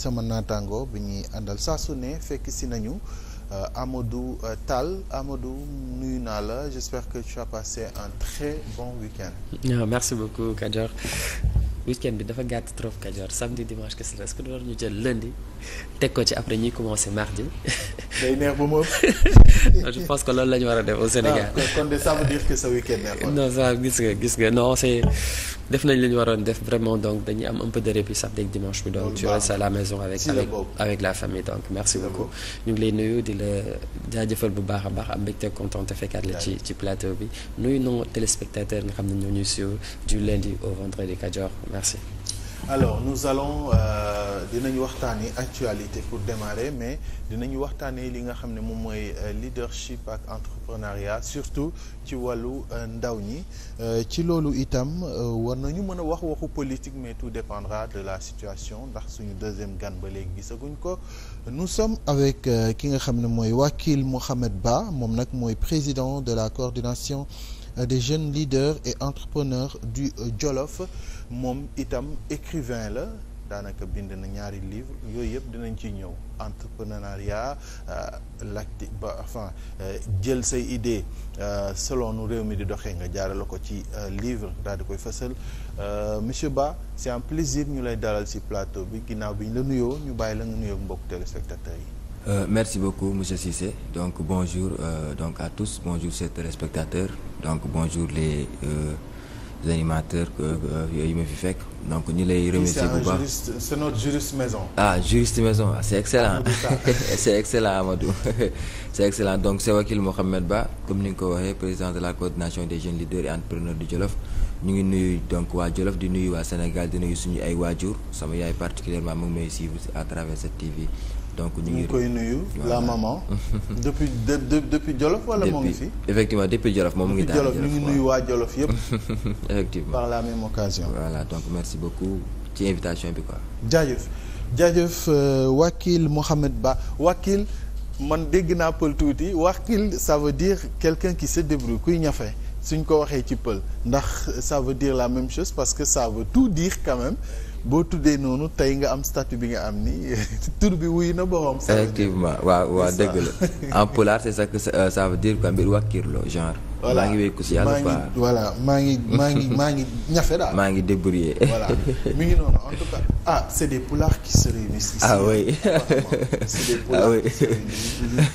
sama naataango bi ñuy àndal saa su ne fekk si nañu euh, Amadou euh, Tall Amadou nuyu naa la j'espère que tu as passé très bon week-end. waaw merci beaucoup Kadior week-end bi dafa gàtt trop Kadior samedi dimanche kese la est-ce que doon ñu jël lundi teg ko ci après ñuy commencer mardi. day neex ba moom. je pense que loolu la ñu war a def au ah, Sénégal. kon de ça gis nga gis nga non c'est. def nañ li ñu waroon def vraiment donc dañuy am un peu de répit samedi ak dimanche bi donc tu restes la maison avec avec la famille donc merci beaucoup ñu ngi nuyu di la jaajëfal bu baax a baax am mbégte kontaan te fekkaat la ci ci plateau bi nuyu non téléspectateurs nga xam ne ñoo ñuy suivre du lundi au vendredi Kajoor merci alors nous allons euh, dinañu waxtaanee actualité pour démarrer mais dinañu waxtaanee li nga xam ne moom mooy euh, leadership ak entrepreneuriat surtout ci wàllu euh, ndaw ñi ci loolu itam war nañu mën a wax waxu politique mais tout dépendra de la situation ndax suñu deuxième gan ba léegi gisaguñ ko nous sommes avec ki nga xam ne mooy Wakil Mohamed Ba moom nag mooy président de la coordination des jeunes leaders et entrepreneurs du Jolof. moom itam écrivain la daanaka bind na ñaari livre yooyu yëpp dinañ ci ñëw entrepreneuriat euh, l'acti ba enfin euh, jël say idée euh, selon nu réew mi di doxee nga jaarale ko ci livre daal di koy fësal monsieur Ba c'est un plaisir ñu lay dalal ci plateau bi ginnaaw bi ñu la nuyoo ñu bàyyi la nga nuyoo mbokk téléspectateurs yi. Euh, merci beaucoup monsieur Cissé donc bonjour donc à tous bonjour chers téléspectateurs donc bonjour les. Euh... animateurs euh, yu ma fi fekk donc ñu lay remercier bu baax juriste c'est notre maison. ah juriste maison c'est ah, excellent c'est excellent Amadou c'est excellent donc c'est Wakil Mohamed Ba comme ni nga ko waxee président de la coordination des jeunes leaders et entrepreneurs du Jolof ñu ngi nuyu donc waa Jolof di nuyu waa Sénégal di nuyu suñu ay waajur sama yaay particulièrement mu ngi may suivre à travers cette TV. donc ñu ngi koy nuyu la maman. depuis de, de, depuis Jolof wala moo ngi fi. effectivement depuis Jolof moom mu ngi. daal Jolof ngi nuyu waa Jolof yëpp. effectivement par la même occasion. voilà donc merci beaucoup ci invitation bi quoi. jaajëf jaajëf euh, Wakil Mohamed Ba Wakil man dégg naa pël tuuti Wakil ça veut dire quelqu'un qui se débrouille kuy ñafe. suñ ko waxee ci pël ndax ça veut dire la même chose parce que ça veut tout dire quand boo tuddee noonu tey nga am statut bi nga am ni tour bi wuy na boppam. effectivement waa waa dëgg la en pulaar c'est ça que ça euh, veut dire quoi mbir wàkkirloo genre. voilà maa ngi wékku si yàlla quoi voilà maa ngi maa ngi maa ngi ñafe daal. maa ngi débrouillé. voilà mi ngi noonu en tout cas ah c'est des polars qui se réunissent ici. ah ah oui.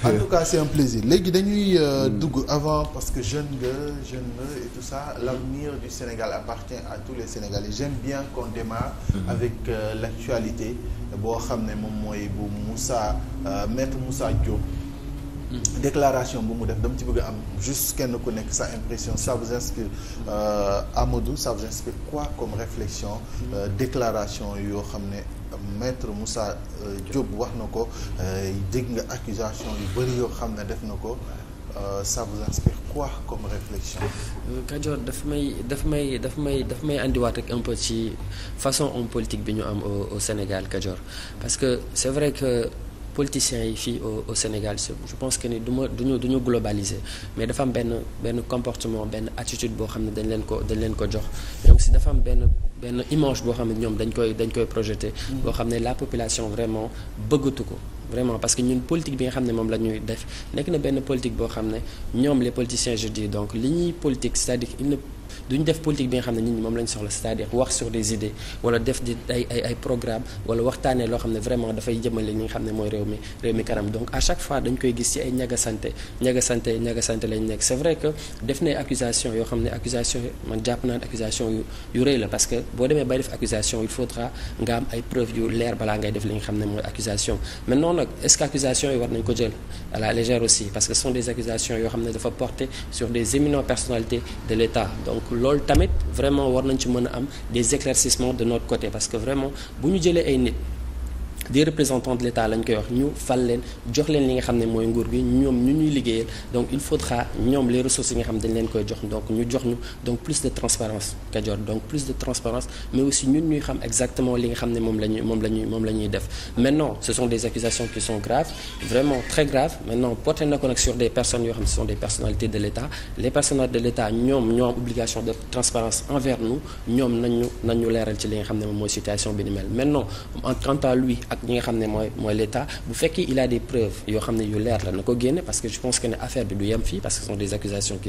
en tout cas c'est un plaisir léegi dañuy euh, hmm. dugg avant parce que jeune nga jeune nga et tout ça l'avenir du Sénégal appartient à tous les Sénégalais j'aime bien qu'on démarre. Hmm. avec euh, l'actualité boo xam ne moom mooy bu Moussa euh, maître Moussa déclaration bu mu def dama ci bëgg am juste kenn ku nekk sa impression ça vous inspire euh, Amadou ça vous inspire quoi comme réflexion euh, déclaration yoo xam ne maître Moussa euh, Diop wax na ko dégg nga accusation yu bëri yoo xam ne def na ko ça vous inspire quoi comme réflexion Kajoor daf may daf may daf may daf may àndiwaat rek un ci façon homme politique bi ñu am au Sénégal Kajoor parce que c'est vrai que politiciens yi fii au au Sénégal je pense que ni du ma duñu du ñu globaliser mais dafa am benn benn comportement benn attitude boo xam ne dañ leen ko dañ leen ko jox ñoom si dafa am benn benn image boo xam ne ñoom dañ koy dañ koy projeté mm. boo xam ne la population vraiment bëggatu ko vraiment parce que ñun politique bi nga xam ne moom la ñuy def nekk na benn politique boo xam ne ñoom les politiciens je donc li ñuy politique cest à duñ def politique bi nga xam ne ñi moom lañ soxla c'est-à-dire wax sur des idées wala def di ay ay programme wala waxtaanee loo xam ne vraiment dafay jëmale li nga xam ne mooy réew mi réew kanam donc à chaque fois dañ koy gis ci ay ñaga santé ñaga santé ñaga santé lañ nekk c'est vrai que def na accusation yoo xam ne accusation man jàpp naa accusation yu yu rëy la parce que boo demee bay def accusation il faudra nga am ay preuves yu leer balaa ngay def li nga xam ne mooy accusation maintenant war nañ ko la parce que ce sont yoo xam ne dafa porter sur des éminentes personnalités de l'État loolu tamit vraiment war nañ ci mën a am des éclaircissements de notre côté parce que vraiment bu ñu jëlee ay nit des représentants de l'État lañ koy wax ñu fal leen jox leen li nga xam ne mooy nguur gi ñoom ñu ñuy liggéeyal donc il faudra ñoom les ressources yi nga xam dañ leen koy jox donc ñu jox ñu donc plus de transparence Kajoor donc xam li nga xam ne moom la ñuy moom la ñuy moom la ñuy def maintenant ce sont des accusations qui sont graves vraiment très graves maintenant porté na ko nag sur des personnes yoo xam ne ce sont des ñoom nañu leeral ci li nga xam ne moom mooy situation bi ni mel maintenant en quant à lui ak ñi nga xam ne mooy mooy l'État bu fekkee il a des preuves yoo xam ne yu leer la na ko génne parce que je pense que ne affaire bi du yem fii parce que ce sont des accusations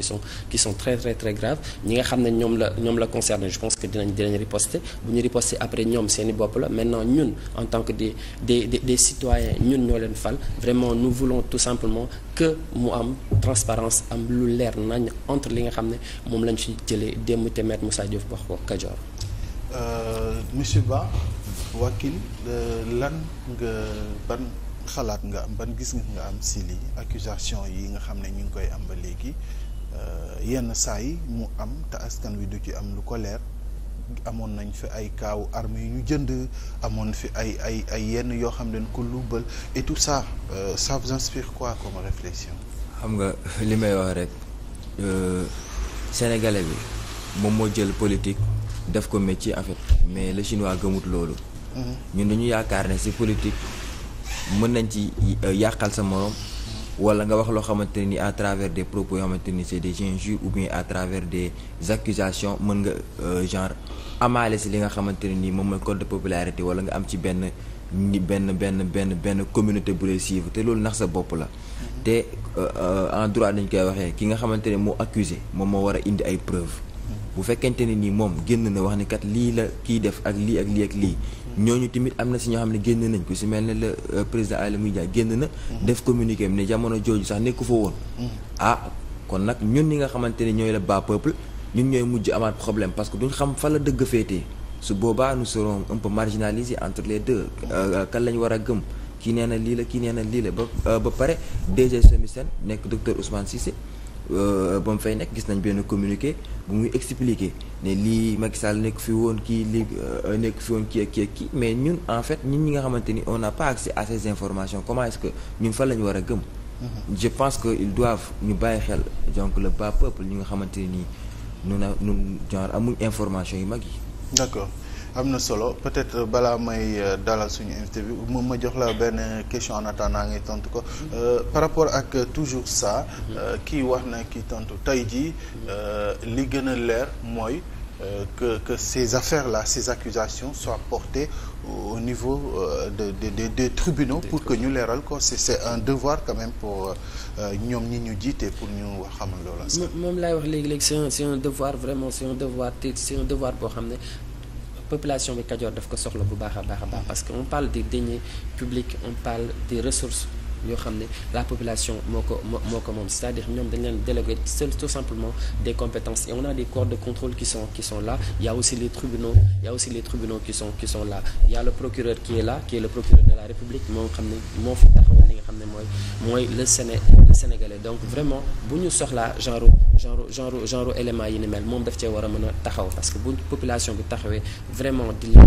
qui sont très très graves ñi nga xam ne ñoom la ñoom la concerné je pense que dinañ dinañ riposter bu ñu riposter après ñoom seeni bopp la maintenant ñun en tant que des des citoyens ñun ñoo leen fal vraiment nous voulons tout simplement que mu am transparence am lu leer nañ entre li nga xam ne moom lañ ci jëlee démb te maître Moussa Diouf wax ko Kajoor. Euh, monsieur Wakil euh, lan nga ban xalaat nga am ban gis nga am si lii accusation yi nga xam ne ñu ngi koy am ba léegi euh, yenn saa yi mu am te askan wi du ci am lu ko leer amoon nañ fi ay kaaw armes yu ñu jënd amoon fi ay ay ay yenn yoo xam ne ko luubal et tout ça euh, ça vous inspire quoi comme réflexion. xam nga li may wax rek sénégalais bi moom moo jël politique def ko métier en fait mais le chinois gëmut loolu. ñun dañu yaakaar ne si politique mën nañ ci euh, yàqal sa morom. wala nga wax loo xamante ni à travers des propos yoo xamante ni c'est des injures ou bien à travers des accusations mën nga euh, genre amaale si li nga xamante ne nii moom mooy code de popularité wala nga am ci benn benn benn benn benn communauté bu lay suivre te loolu nax sa bopp la. te euh, en droit dañ koy waxee ki nga xamante ne moo accusé moom moo war a indi ay preuves. bu fekkente ne nii moom génn na wax ni kat lii la kiy def ak lii ak lii lii ñooñu tamit am na si ñoo xam ne génn nañ ko si mel ne le euh, président Aly Ngouille Ndiaye génn na. Mhm. def communiqué am ne jamono jooju sax nekku fa woon. Mhm. ah kon nag ñun ñi nga xamante ne ñooy la bas peuple ñun ñooy mujj amaat problème parce que duñ xam fa la dëgg féete su boobaa nous serons un peu marginalisés entre de deux. Euh, kan lañ war a gëm. ki nee na lii la kii nee na lii la ba euh, ba pare DG Semi Sen nekk docteur Ousmane Cissé. Euh, ba mu fay nekk gis nañ benn communiqué bu muy expliquer ne lii Macky Sall nekk fi woon kii lii euh, nekk fi woon kii ak kii ak kii mais ñun en fait ñun ñi nga xamante ni on n'a pas accès à ces informations comment est que ñun fan la ñu war a gëm. Mhm. je pense que ils doivent ñu bàyyi xel donc le bas peuple ñi nga xamante nii ñu a ñun genre amuñ information yu mag yi. d'accord. am na solo peut-être euh, balaa may euh, dalal suñu invité bi moom ma jox la benn question en attendant tontu ko mm-hmm. euh, par ak toujours ça mm-hmm. kii wax na kii tontu tey jii mm-hmm. li gën a leer mooy que que ces affaires là ces accusations soient portées au niveau de de de des tribunaux pour que ñu leeral ko c'est c'est un devoir quand même pour ñoom ñi ñu jiite pour ñu moom laay wax léegi léegi c'est un c'est un devoir vraiment c'est un devoir te c'est un devoir boo xam ne population bi Kajoor daf ko soxla bu baax a baax a baax parce que on parle des deniers publics on parle des ressources yoo xam ne la population moo ko moo ko moom c'est-à-dire ñoom dañ leen délégué seul tout simplement des compétences et on a des de contrôle qui sont qui sont là il y a aussi les tribunaux il y a aussi les tribunaux qui sont qui sont là il a le procureur qui est là qui est le procureur de la République moo xam ne moo fi taxawal li nga xam ne mooy mooy le Séné le Sénégalais donc vraiment bu ñu soxla genre genre genre genre élément yi ni mel moom daf cee war a mën a taxaw parce que bu population bi taxawee vraiment di la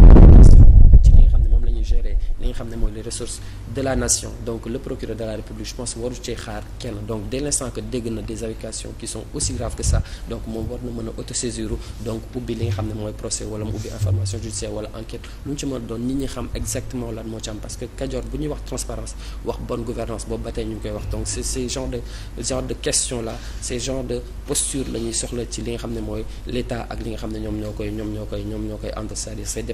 ci nga xam ne moom la ñuy gérer li nga xam ne mooy les ressources de la nation donc le procureur de la république je pense waru cee xaar kenn donc dès l'instant que dégg na des allocations qui sont aussi graves que ça donc moom war na mën a autosaisir donc ubbi li nga xam ne mooy procès wala mu ubbi information judiciaire wala enquête lu ñu ci mën doon nit ñi xam exactement lan moo ci am parce que Kajoor bu ñuy wax transparence wax bonne gouvernance boobu ba tey ñu ngi koy wax la ñuy soxla ci li nga xam ne mooy l'état ak li nga xam ne ñoom ñoo koy ñoom ñoo koy ñoom ñoo koy ànd cest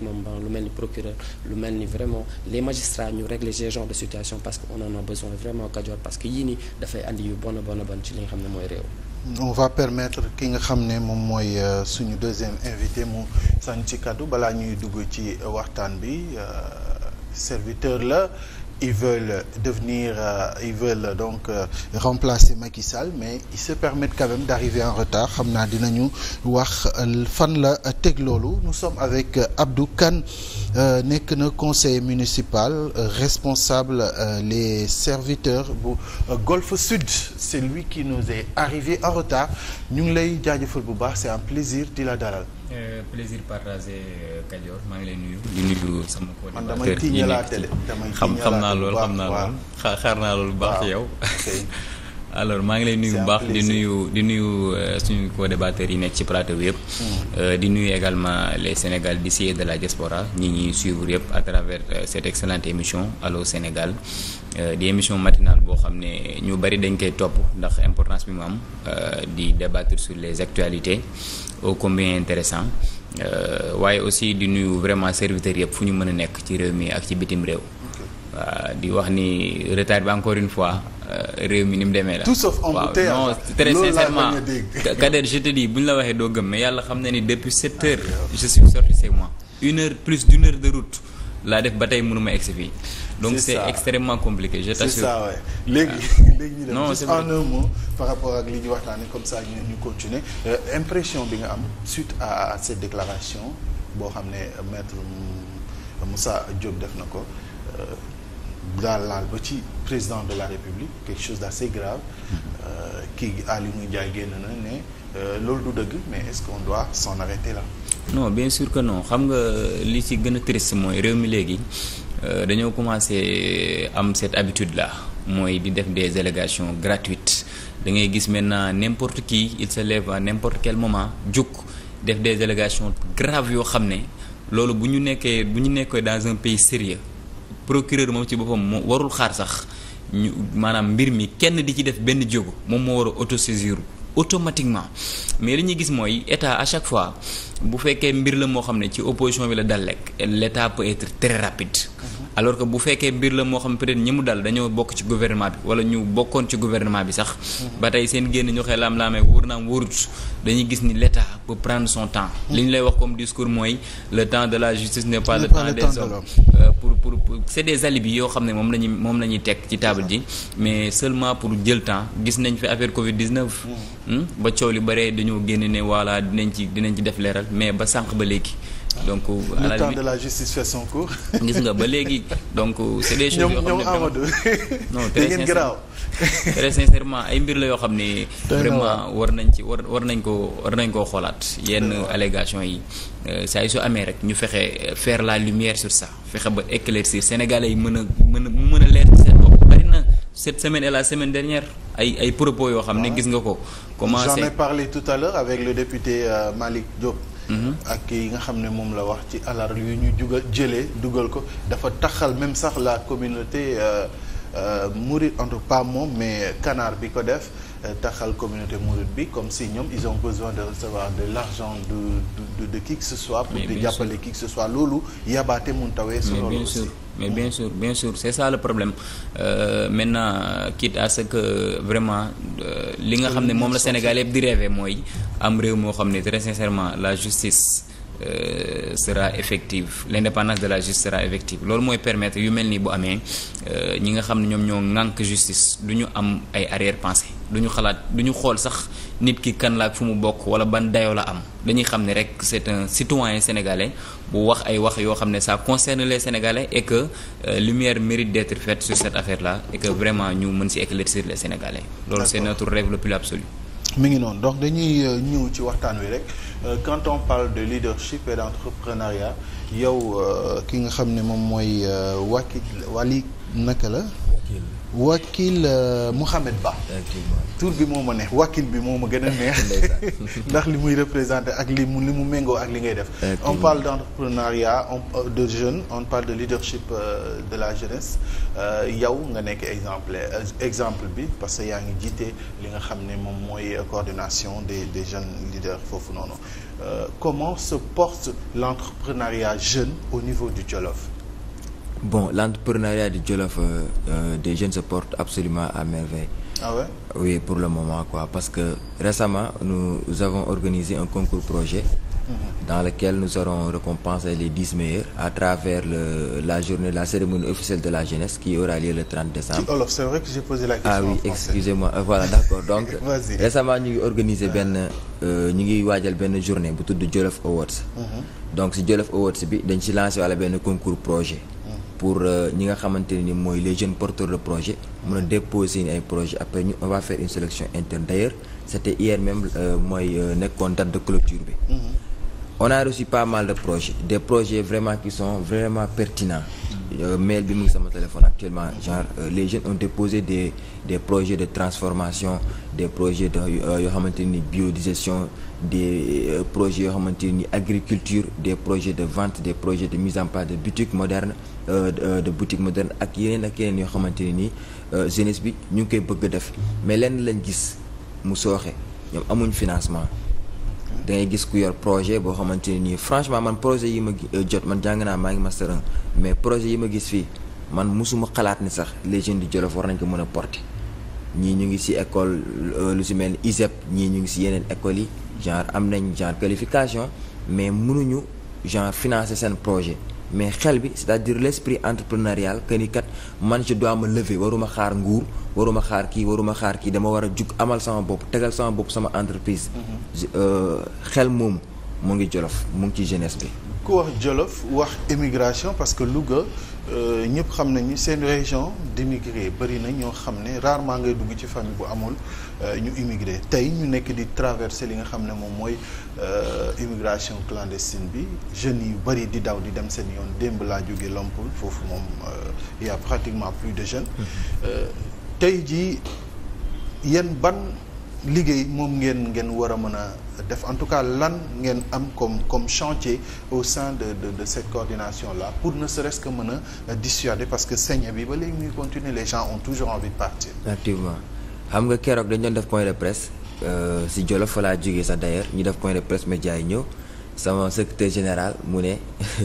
ni procureur lu mel ni vraiment les magistrats ñu régler ce genre de situation parce que on en a besoin vraiment Kajoor parce que yii nii dafay andi yu bon bon bon ci li nga xam ne mooy réew. on va permettre ki nga xam ne moom mooy euh, suñu deuxième invité mu sànni ci kàddu balaa ñuy dugg ci waxtaan bi euh, serviteur la. ils veulent devenir euh, ils veulent donc euh, remplacer Macky mais ils se permettent quand même d'arriver en retard xam naa dinañu wax fan la teg loolu nous sommes avec Abdou Kane Euh, nekk na conseil municipal euh, responsable euh, les serviteur bu Golfe Sud c'est lui qui nous est arrivé en retard ñu ngi lay jaajëfal bu baax c'est un plaisir di la dalal. plaisir partagé Kajoor maa ngi lay nuyu di nuyu sama ko man damay tiiñe la télé xam xam naa loolu xam naa loolu xaar naa loolu baax yow alors maa ngi leen nuyu bu baax di nuyu di nuyu euh, suñu co-débatteurs yi nekk ci plateau bi yëpp. Hmm. Euh, di nuyu également les Sénégal di et de la diaspora ñi ñuy suivre yëpp à travers euh, cette excellente émission Allô Sénégal di émission matinale boo xam ne ñu bari dañ koy topp ndax importance bi mu am di débattre sur les actualités ô combien intéressant waaye aussi di nuyu vraiment serviteurs yëpp fu ñu mën a nekk ci réew mi ak ci bitim réew. di wax ni retard bi encore une fois. Euh, réew mi ni mu demee la. tout sauf embouteillage waaw non très sincèrement. Kader je te bu ñu la waxee doo gëm mais yàlla xam na ni depuis sept heures. Ah, je suis sorti chez moi une heure plus d' heure de route laa def ba tey mënuma ma egg si fii. donc c' extrêmement compliqué je t' assure. c' est ça waay léegi ah. léegi ñu dem juste en un mot par rapport ak li ñu waxtaanee comme ça ñu ñu continuer euh, impression bi nga am suite à cette déclaration boo xam ne maître Moussa Diop def na ko. Euh, daal laal ba ci président de la république quelque chose d'assez grave kii euh, Aliou Ndiaye génn na ne euh, loolu du dëgg mais est-ce qu'on doit s'en arrêter là non bien sûr que non xam nga li si gën a triste mooy réew mi léegi euh, dañoo commencé am cette habitude la mooy di def des allégations gratuite da ngay gis maintenant n'importe qui il se lève à n'importe quel moment jóg def des allégations graves yoo xam ne loolu bu ñu nekkee bu ñu nekkee dans un pays sérieux procureur moom ci boppam moo warul xaar sax ñu maanaam mbir mi kenn di ci def benn jógu moom moo war a autosaisir automatiquement mais li ñuy gis mooy état à chaque fois bu fekkee mbir la moo xam ne ci opposition bi la dal lekk l'état peut être très rapide. Mhm. alors que bu fekkee mbir la moo xam peut-être ñi mu dal dañoo bokk ci gouvernement bi wala ñu bokkoon ci gouvernement bi sax. Mhm. ba tey seen génn ñu xëy laam-laamee wóor naam wóorut gis ni l'État peut prendre son temps. Mhm. li ñu lay wax comme discours mooy le temps de la justice n'est pas le temps des hommes euh, pour pour c'est des alibis yoo xam ne moom la ñuy moom la ñuy teg ci table ji mais seulement pour jël temps gis nañ fi affaire Covid 19. Mhm. Hmm? ba coow li bare dañoo génn ne voilà dinañ ci dinañ ci def leeral mais ba sànq ba léegi. donc à la limite de la justice fait son cours. gis nga ba léegi donc c'est des choses yoo xam mbir la yoo xam ne. war nañ ci war war nañ ko war nañ koo xoolaat. yenn allégations yi euh, saa yu su amee rek ñu fexe euh, faire la lumière sur sa fexe ba éclaircir Sénégalais yi mën a mën a mën a leer ci seen bopp bari na cette semaine et la semaine dernière ay ay propos yoo xam ne gis nga ko. comment c'est j'en parlé tout à l'heure avec le député euh, Malick Diop. Mm-hmm. ak yi nga xam ne moom la wax ci alar yu ñu jugal jëlee dugal ko dafa taxal même sax la communauté euh, euh, mouride entre pas moom mais Canaar bi ko def taxal communauté mouride bi comme si ñoom ils ont besoin de recevoir de l'argent de de de qui que ce soit. pour di jàppale qui que ce soit loolu yabaate mun tawee. su loolu aussi mais bien sûr bien sûr c'est ça le problème euh, maintenant quitte à ce que vraiment euh, li nga xam ne moom la Sénégal yëpp di rêver mooy am réew moo xam ne très sincèrement la justice. Euh, sera effective l'indépendance de la justice sera effective loolu mooy permettre yu mel nii bu amee euh, ñi nga xam ne ñoom ñoo ŋànk justice du ñu am ay arrière pensée du ñu xalaat du ñu xool sax nit ki kan laa ak fu mu bokk wala ban dayoo la am dañuy xam ne rek c'est un citoyen sénégalais bu wax ay wax yoo xam ne ça concerne les sénégalais et que euh, lumière mérite d'être faite sur cette affaire là et que vraiment ñu mën ci éclaircir les sénégalais loolu c'est notre rêve le plus absolu mi ngi noonu donc dañuy euh, ñëw ci waxtaan wi rek euh, quand on parle de leadership et d'entrepreneuriat yow euh, ki nga xam ne moom mooy Wakil Wali naka la. Wakil euh, Mouhamed Ba. tour bi moo ma neex wakil bi moom a gën a neex. ndax li muy représenté ak li mu li mu méngoo ak li ngay def. on parle d' entrepreneuriat on euh, de jeune on parle de leadership euh, de la jeunesse yow nga nekk exemple exemple bi parce que yaa ngi jiite li nga xam ne moom mooy coordination des des jeunes leaders foofu noonu comment se porte l' entrepreneuriat jeune au niveau du Jolof. Bon, l'entrepreneuriat du Jolof euh, euh, des jeunes se porte absolument à merveille. Ah pour le moment quoi parce que récemment nous, nous avons organisé un concours projet mmh. dans lequel nous aurons récompensé les 10 meilleurs à travers le, la journée la cérémonie officielle de la jeunesse qui aura le 30 décembre. Qui Olof, c'est vrai Ah oui, excusez euh, Voilà, d'accord. Donc récemment ñu ngi organiser ah. benn euh, ñu ngi waajal benn journée bu tudd Jolof Awards. Mmh. Donc si Jolof Awards bi dañ ci lancer wala benn concours projet. pour euh, ñi nga xamante ni mooy les jeunes porteurs de projet mën a déposer ay projet après ñu on va faire une sélection interne d'ailleurs c'était hier même euh, mooy euh, nekkoon date de clôture bi mm-hmm. on a reçu pas mal de projets des projets vraiment qui sont vraiment pertinents mail bi mu ngi sama téléphone actuellement genre les jeunes ont déposé des des projets de transformation des projets de yoo xamante ni biodigestion de euh, projets yoo xamante nii agriculture des projet de vente des projet de mise en place de butique moderne euh, de, euh, de moderne ak yeneen ak yeneen yoo xamante ne ni euh, jeunesse bi ñu ngi koy bëgg a def mais lenn lañ gis mu sooxee ñoom amuñ financement da ngay gis ku yor projet boo xamante ne nii franchement man projet yi ma jot man jàng naa maa ngi master mais projet yi ma gis fii man musuma xalaat ni sax les jeunes du Jolof war nañ ko mën a porter ñii ñu ngi ci école euh, lu si mel ni ISEP ñii ñu ngi ci yeneen écoles yi genre am nañ genre qualification mais mënuñu genre financer seen projet mais xel bi c'est-à-dire l'esprit entrepreneurial que ni kat man je dois me lever waruma xaar nguur waruma xaar kii waruma xaar kii dama war a jug amal sama bopp tegal sama bopp sama entreprise. Mhm. Euh, xel moomu mu ngi Jolof mu ngi ci jeunesse bi. ku wax Jolof wax immigration parce que Louga. Euh, ñëpp xam nañu seen région d'immigré bëri na ñoo xam ne rarement ngay dugg ci famille bu amul euh, ñu immigré tey ñu nekk di traversé li nga xam ne moom mooy euh, immigration clandestine bi jeunes yu bëri di daw di dem seen yoon démb laa jóge Lompoul foofu moom il y pratiquement plus de jeunes mm-hmm. tey jii yéen ban liggéey moom ngeen ngeen war a mën a def en tout cas lan ngeen am comme comme chantier au sein de de de cette coordination là pour ne serait-ce que mën a dissuader parce que saigné bi ba léegi muy continuer les gens ont toujours envie de partir. effectivement xam nga keroog dañu doon def point de presse euh, si Jolof fa laa sa sax d'ailleurs ñu def point de presse média yi ñëw sama secrétaire général mu ne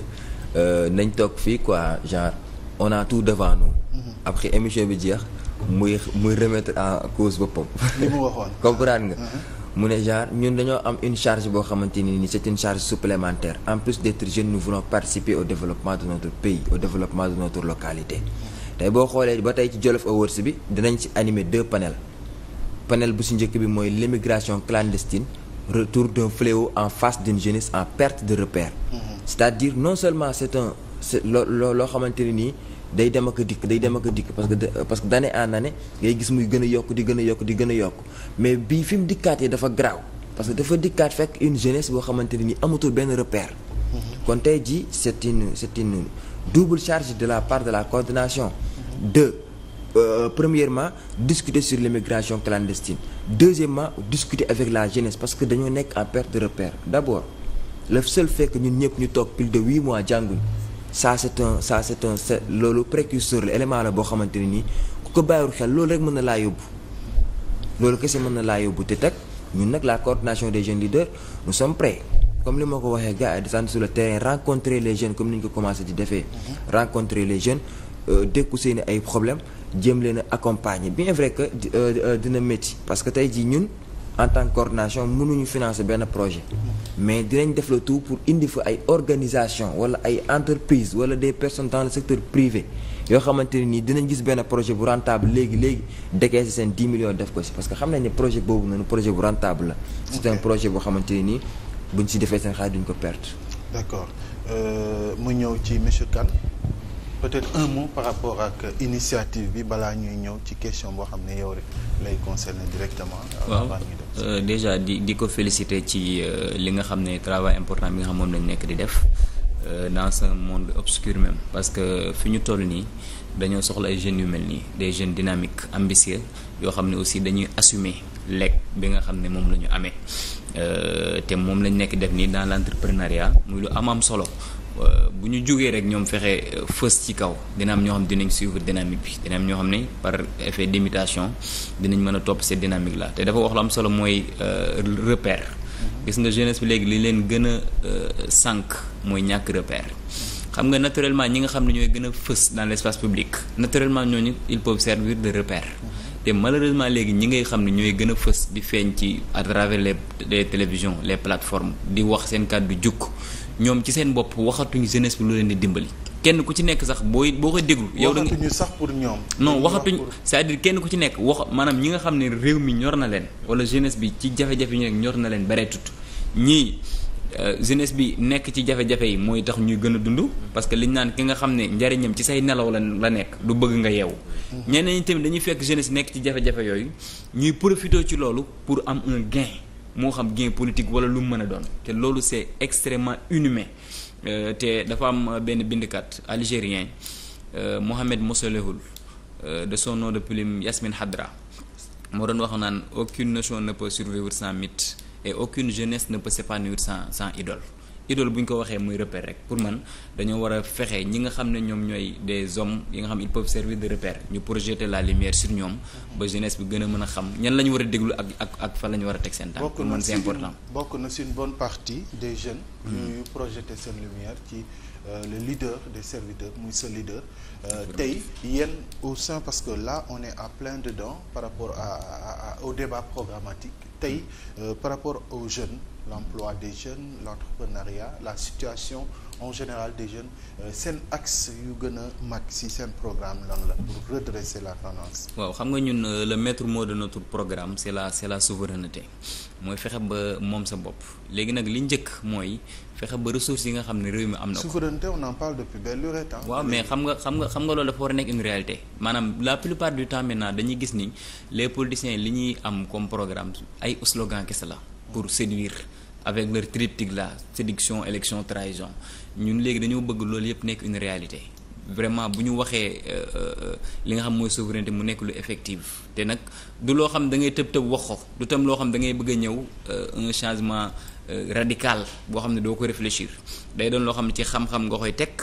euh, nañ toog fii quoi genre on a tout devant nous. Mm-hmm. après émission bi jeex. muy muy remettre en cause boppam. li mu waxoon comprendre nga. Uh-huh. mu ne genre ñun dañoo am une charge boo xamante ni nii c'est une charge supplémentaire en plus d'être jeunes nous voulons participer au développement de notre pays au développement de notre localité. tey boo xoolee ba tey ci Jolof Awards bi dinañ ci animer deux panels panel bu si njëkk bi mooy l'immigration clandestine retour d'un fléau en face d'une jeunesse en perte de repère. Uh-huh. c'est-à-dire non seulement day dem ak dikk day dem ak a parce que parce que d'année en année ngay gis muy gën a yokk di gën a yokk di gën a yokk mais bii fi mu dikkaatee dafa graw parce que dafa dikkaat fekk une jeunesse boo xamante ne ni amatul benn repère. kon tey jii c'est une c'est une double charge de la part de la coordination. de euh, premièrement discuter sur l'immigration clandestine deuxièmement discuter avec la jeunesse parce que dañoo nekk en perte de repère d'abord le seul fait que ñun ñëpp ñu toog plus de mois jànguñ. ça c'est un ça c'est un c'est loolu précurseur la élément la boo xamante ne nii ku ko bàyyiwul xel loolu rek mën na laa yóbbu loolu kese mën na laa yóbbu te teg ñun nag la coordination des jeunes leaders nous sommes prêts comme li ma ko waxee gars yi descendre sur le terrain rencontrer les jeune comme ni ñu ko commencé di defee. Mhm. rencontrer les jeunes euh, dékku seeni ay problèmes jëm leen a accompagner bien vrai que euh, euh, dina métti parce que tey jii ñun. en tant que coordination mënuñu financer benn projet mais dinañ def le tout pour indi fa ay organisation wala ay entreprise wala des personnes dans le secteur privé yoo xamante ne nii dinañ gis benn projet bu rentable léegi léegi dekee si seen 10 millions def ko si parce que xam nañ ne projet boobu noonu projet bu rentable la c'est un projet boo xamante ne nii buñ si defee seen xaalis duñ ko perte d'accord euh, mu ñëw ci monsieur Kane peut-être un mot par rapport ak initiative bi balaa ñuy ñëw ci question boo xam ne yow rek lay concerner directement. Euh, waaw euh, déjà di di ko féliciter ci euh, li nga xam ne travail important bi nga xam moom lañ nekk di def dans un monde obscur même parce que fi ñu toll nii dañoo soxla ay jeunes yu mel nii des jeunes dynamiques ambitieux yoo xam ne aussi dañuy assumer lekk bi nga xam ne moom la ñu amee te moom lañ nekk def nii dans l'entrepreneuriat muy lu am am solo. Euh, bu ñu jógee rek ñoom fexe euh, fës ci kaw dina am ñoo xam dinañ suivre dynamique bi dina ñoo xam ne par effet d'imitation dinañ mën a topp see dynamique là te dafa wax lu am solo mooy euh, repère. gis nga jeunesse bi léegi li leen gën a sànq mooy ñàkk repère. xam nga naturellement ñi nga xam ne ñooy gën a fës dans l'espace public naturellement ñooñu il peuvent servir de repère. te malheureusement léegi ñi ngay xam ne ñooy gën a fës di feeñ ci à travers les les télévisions les plateformes di wax seen kàddu jukk ñoom ci seen bopp waxatuñu jeunesse bi lu leen di dimbali kenn ku ci nekk sax booy boo koy déglu yow da waxatuñu sax pour ñoom non waxatuñ cest à kenn ku ci nekk wax maanaam ñi nga xam ne réew mi ñor na leen wala jeunesse bi ci jafe-jafe ñu ñor na leen bare tut ñii euh, jeunesse bi nekk ci jafe-jafe yi mooy tax ñuy gën a dund parce que liñ naan ki nga xam ne njariñam ci say nelaw la la nekk du bëgg nga yeewu mhm. ñeneen ñi tamit dañuy fekk jeunesse nekk ci jafe-jafe yooyu ñuy profité ci loolu pour am un gain moo xam gain politique wala lu mu mën a doon te loolu c'est extrêmement inhumain euh, te dafa am euh, benn bindkat algérien euh, Mohamed Mosselehul de son nom de plume Yasmine Hadra moo doon wax naan aucune nation ne peut survivre sans mythe et aucune jeunesse ne peut s'épanouir sans sans idole idole bu ñu ko waxee muy repère rek pour man dañoo war a fexe ñi nga xam ne ñoom ñooy des hommes yi nga xam ils peuvent servir de repère ñu projeter la lumière sur ñoom ba jeunesse bi gën a mën a xam ñan la ñu war a déglu ak ak ak fan la ñu war a teg seen tànk pour man c'est important bokk na si une bonne partie des jeunes ñuy hmm. projeter seen lumière ci Euh, le leader des serviteurs muy sa leader euh, tey yéen au sein parce que là on est à plein dedans par rapport a à, à au débat programmatique tey hmm. euh, par rapport aux l'emploi des jeunes l'entrepreneuriat la situation en général des jeunes euh, seen axe yu gën a mag ci seen programme lan la pour redresser la tendance. waaw xam nga ñun euh, le maître mot de notre programme c'est la c'est la souveraineté mooy fexe ba moom sa bopp léegi nag li njëkk mooy fexe ba ressources yi nga xam ne réew mi am na ko. souveraineté on en waaw mais xam nga xam nga xam nga loolu dafa war a nekk une réalité maanaam la plupart du temps maintenant dañuy gis ni les politiciens li ñuy am comme programme ay slogan kese la pour avec leur triptyque là séduction élection trahison ñun léegi dañoo bëgg loolu yëpp nekk une réalité vraiment bu ñu waxee euh, euh, li nga xam mooy souveraineté mu nekk lu effective te nag du loo xam da ngay tëb tëb wax ko du tam loo xam da ngay bëgg a ñëw euh, un changement radical boo xam ne doo ko réfléchir day doon loo xam ne ci xam-xam nga koy teg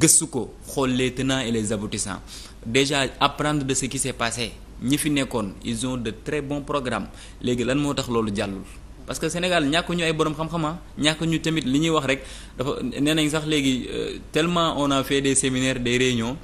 gëstu ko xool les tenants et les aboutissants déjà apprendre de ce qui s'est passé ñi fi nekkoon ils ont de très bon programme léegi lan moo tax loolu jàllul. parce que Sénégal ñàkk ñu ay borom xam-xama ñàkk ñu tamit li ñuy wax rek dafa nee nañ sax léegi euh, tellement on a fait des séminaires des réunions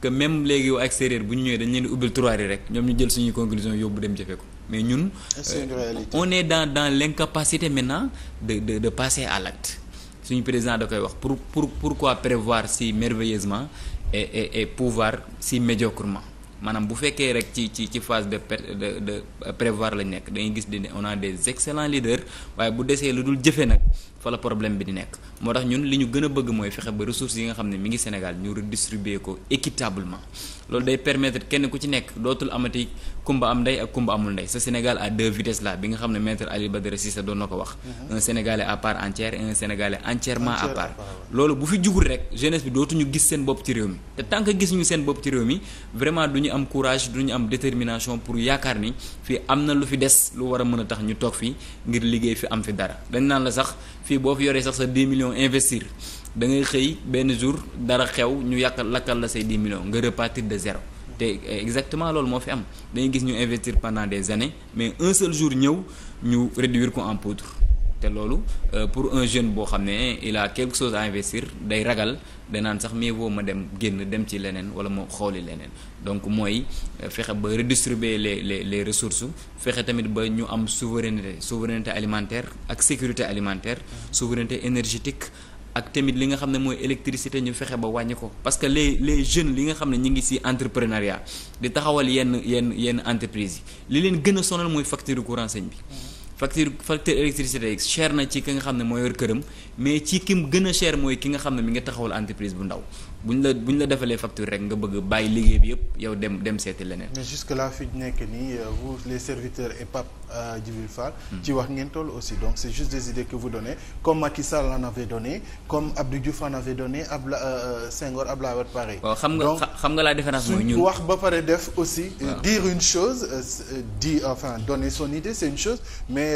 que même léegi waa extérieur bu ñu ñëwee dañ leen di ubbil tiroir rek ñoom ñu jël suñu conclusion yóbbu dem jëfee ko mais ñun. Euh, on est dans dans l'incapacité maintenant de de de passer à l'acte suñu président da koy wax pour pour pourquoi prévoir si merveilleusement et et et pouvoir si médiocrement maanaam bu fekkee rek ci ci ci phase de de de prévoir lañ nekk dañuy gis di ne on a des excellents leaders waaye bu desee lu dul jëfee nag fa la problème bi di nekk moo tax ñun li ñu gën a bëgg mooy fexe ba ressources yi nga xam ne mu ngi Sénégal ñu redistribuer ko équitablement loolu day permettre kenn ku ci nekk dootul amati kumba am ndey ak kumba amul ndey sa Sénégal à deux vitesses là bi nga xam ne maître Ali Badara Cissé doon na ko wax. Mhm. un Sénégalais à part entière et un Sénégalais entièrement à part. loolu bu fi jugul rek jeunesse bi dootuñu gis seen bopp ci réew mi te tant que gisuñu seen bopp ci réew mi vraiment du ñu am courage du ñu am détermination pour yaakaar ni fii am na lu fi des lu war a mën a tax ñu toog fii ngir liggéey fi am fi dara dañ naan la sax fii boo fi yoree sax sa 10 millions investir. da ngay xëy benn jour dara xew ñu yàq lakkal la say 10 millions nga repartir de zéro te eh, exactement loolu moo fi am dañuy gis ñu investir pendant des années mais un seul jour ñëw ñu réduire ko en poudre te loolu euh, pour un jeune boo xam ne eh, il a quelque chose à investir day ragal danaan sax mieux vaut ma dem génn dem ci leneen wala ma xooli leneen donc mooy euh, fexe ba redistribuer les les les ressources fexe tamit ba ñu am souveraineté souveraineté alimentaire ak sécurité alimentaire souveraineté énergétique ak tamit li nga xam ne mooy électricité ñu fexe ba wàññi ko parce que les les li nga xam ne ñu ngi ci entrepreneuriat di taxawal yenn yenn entreprise yi li leen gën a sonal mooy facture courant sëñ bi. facture facture yi cher na ci ki nga xam ne moo yor këram mais ci ki mu gën a cher mooy ki nga xam ne mi nga taxawal entreprise bu ndaw buñ la buñ la defalee facture rek nga bëgg bàyyi liggéey bi yëpp yow dem dem seeti leneen. Euh, Djibril Fall hmm. ci wax ngeen toll aussi donc c'est juste des idées que vous donnez comme Macky Sall en avait donné comme Abdou en avait donné Abla euh, euh, Senghor Abdoulaye Wade pareil waaw xam xam nga la différence mooy ñun wax ba pare def aussi dire une chose di enfin donner son idée c'est une chose mais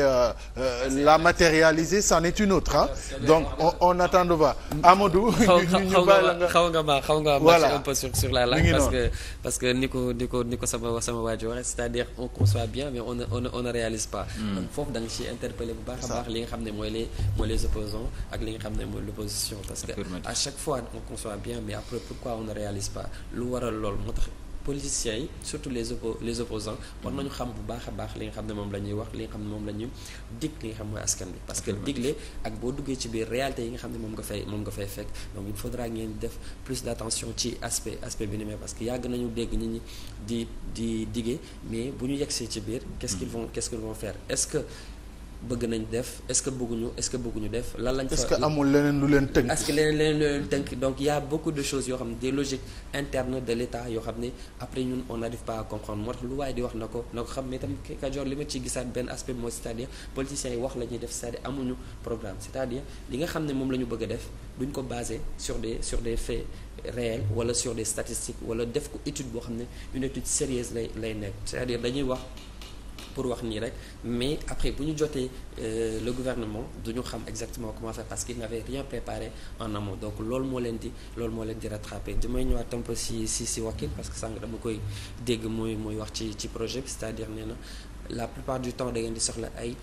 la matérialiser c'en est une autre ah donc on attend de voir Amadou ñu bàyyi la nga xaw nga ma xaw nga marcher un peu sur sur la langue parce que parce que ni ko ni ko ni ko réalise pas. Hmm. donc foofu da nga ciy interpellé bu baax a li nga xam ne mooy les mooy les opposants ak li nga xam ne mooy l'opposition parce que à chaque fois on conçoit bien mais après pourquoi on réalise pas lu waral lool moo tax. politiciens yi surtout les oppo les opposants war nañu xam bu baax a baax li nga xam ne moom la ñuy wax li nga xam ne moom la ñuy dig li nga xam mooy askan bi parce que digle ak boo duggee ci biir réalité yi nga xam ne moom nga fay moom nga fay fekk donc il faudra ngeen def plus d'attention ci aspect aspect bi ni mais parce que yàgg nañu dégg nit di di diggee mais bu ñu yegsee ci biir qu'est-ce qu'ils vont qu'est-ce qu'ils vont faire est-ce que bëgg nañ def est-ce que bëgguñu ce que bëgguñu def lan lañ fa est-ce que amul leneen lu leen tënk est que leneen lu leen tënk donc il y beaucoup de choses yoo xam ne des logiques internes de l'État yoo xam ne après ñun on n'arrive pas à comprendre moo tax lu waaye di wax na ko na ko xam mais tam li ma ci gisaat benn aspect mooy c'est-à-dire politiciens yi wax la def c'est-à-dire amuñu programme c'est-à-dire li nga xam ne moom la ñu bëgg a def duñ ko basé sur des sur des faits réels wala sur des statistiques wala def ko étude boo xam ne une étude lay lay nekk c'est-à-dire dañuy wax pour wax nii rek mais après bu ñu jotee euh, le gouvernement du ñu xam exactement comment faire parce qu'il n'avait rien préparé en amont donc lool moo leen di loolu moo leen di rattrapé damay ñëwaat tamp si si si parce que sànq dama koy dégg mooy mooy wax ci ci projet bi c'est-à-dire na la plupart du temps da ngeen di soxla ay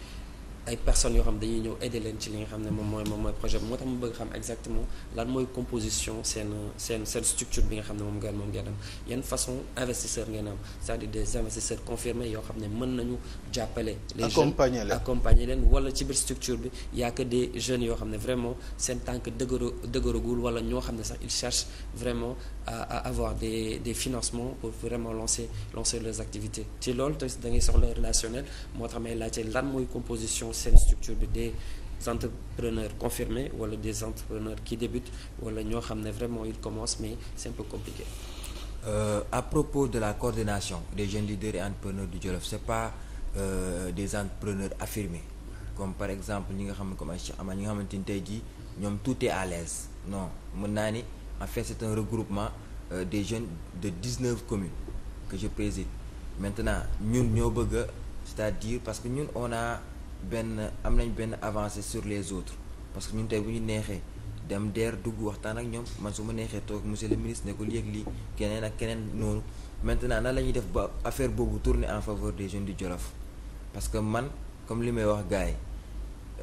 ay personnes yoo xam dañuy ñëw aider leen ci li nga xam ne moom mooy moom mooy projet bi moo tax mu bëgg xam exactement lan mooy composition seen seen seen structure bi nga xam ne moom ngeen moom ngeen am yan façon investisseur ngeen am cest à des investisseurs confirmés yoo xam ne mën nañu jàppale les jeunes accompagner leen wala ci biir structure bi y'a que des jeunes yoo xam ne vraiment seen tànk dëgëra dëgëragul wala ñoo xam ne sax ils cherchent vraiment à, à avoir des, financement financements pour vraiment lancer leurs activités ci loolu te da ngay soxla relationnel moo tax may laajte lan mooy composition seen structure bi des entrepreneurs confirmés wala des entrepreneurs qui débutent wala ñoo xam ne vraiment ils commencent mais c'est un peu compliqué. Euh, propos de la coordination des jeunes leaders et entrepreneurs du Jolof c'est pas euh, des entrepreneurs affirmés comme par exemple ñi nga xam ne comme ay ñi nga xamante ni tey jii ñoom tout à l'aise non mën naa en fait c'est un regroupement euh, des jeunes de 19 communes que je préside maintenant ñun ñoo bëgg a c'est-à-dire parce que ñun on a benn am nañ benn avancée sur les autres parce que ñun tey bu ñu neexee dem deer dugg waxtaan ak ñoom man su ma neexee toog monsieur le ministre ne ko léeg lii keneen ak keneen noonu maintenant nan la ñuy def ba affaire boobu tourner en faveur des jeunes du Jolof parce que man comme li may wax gars yi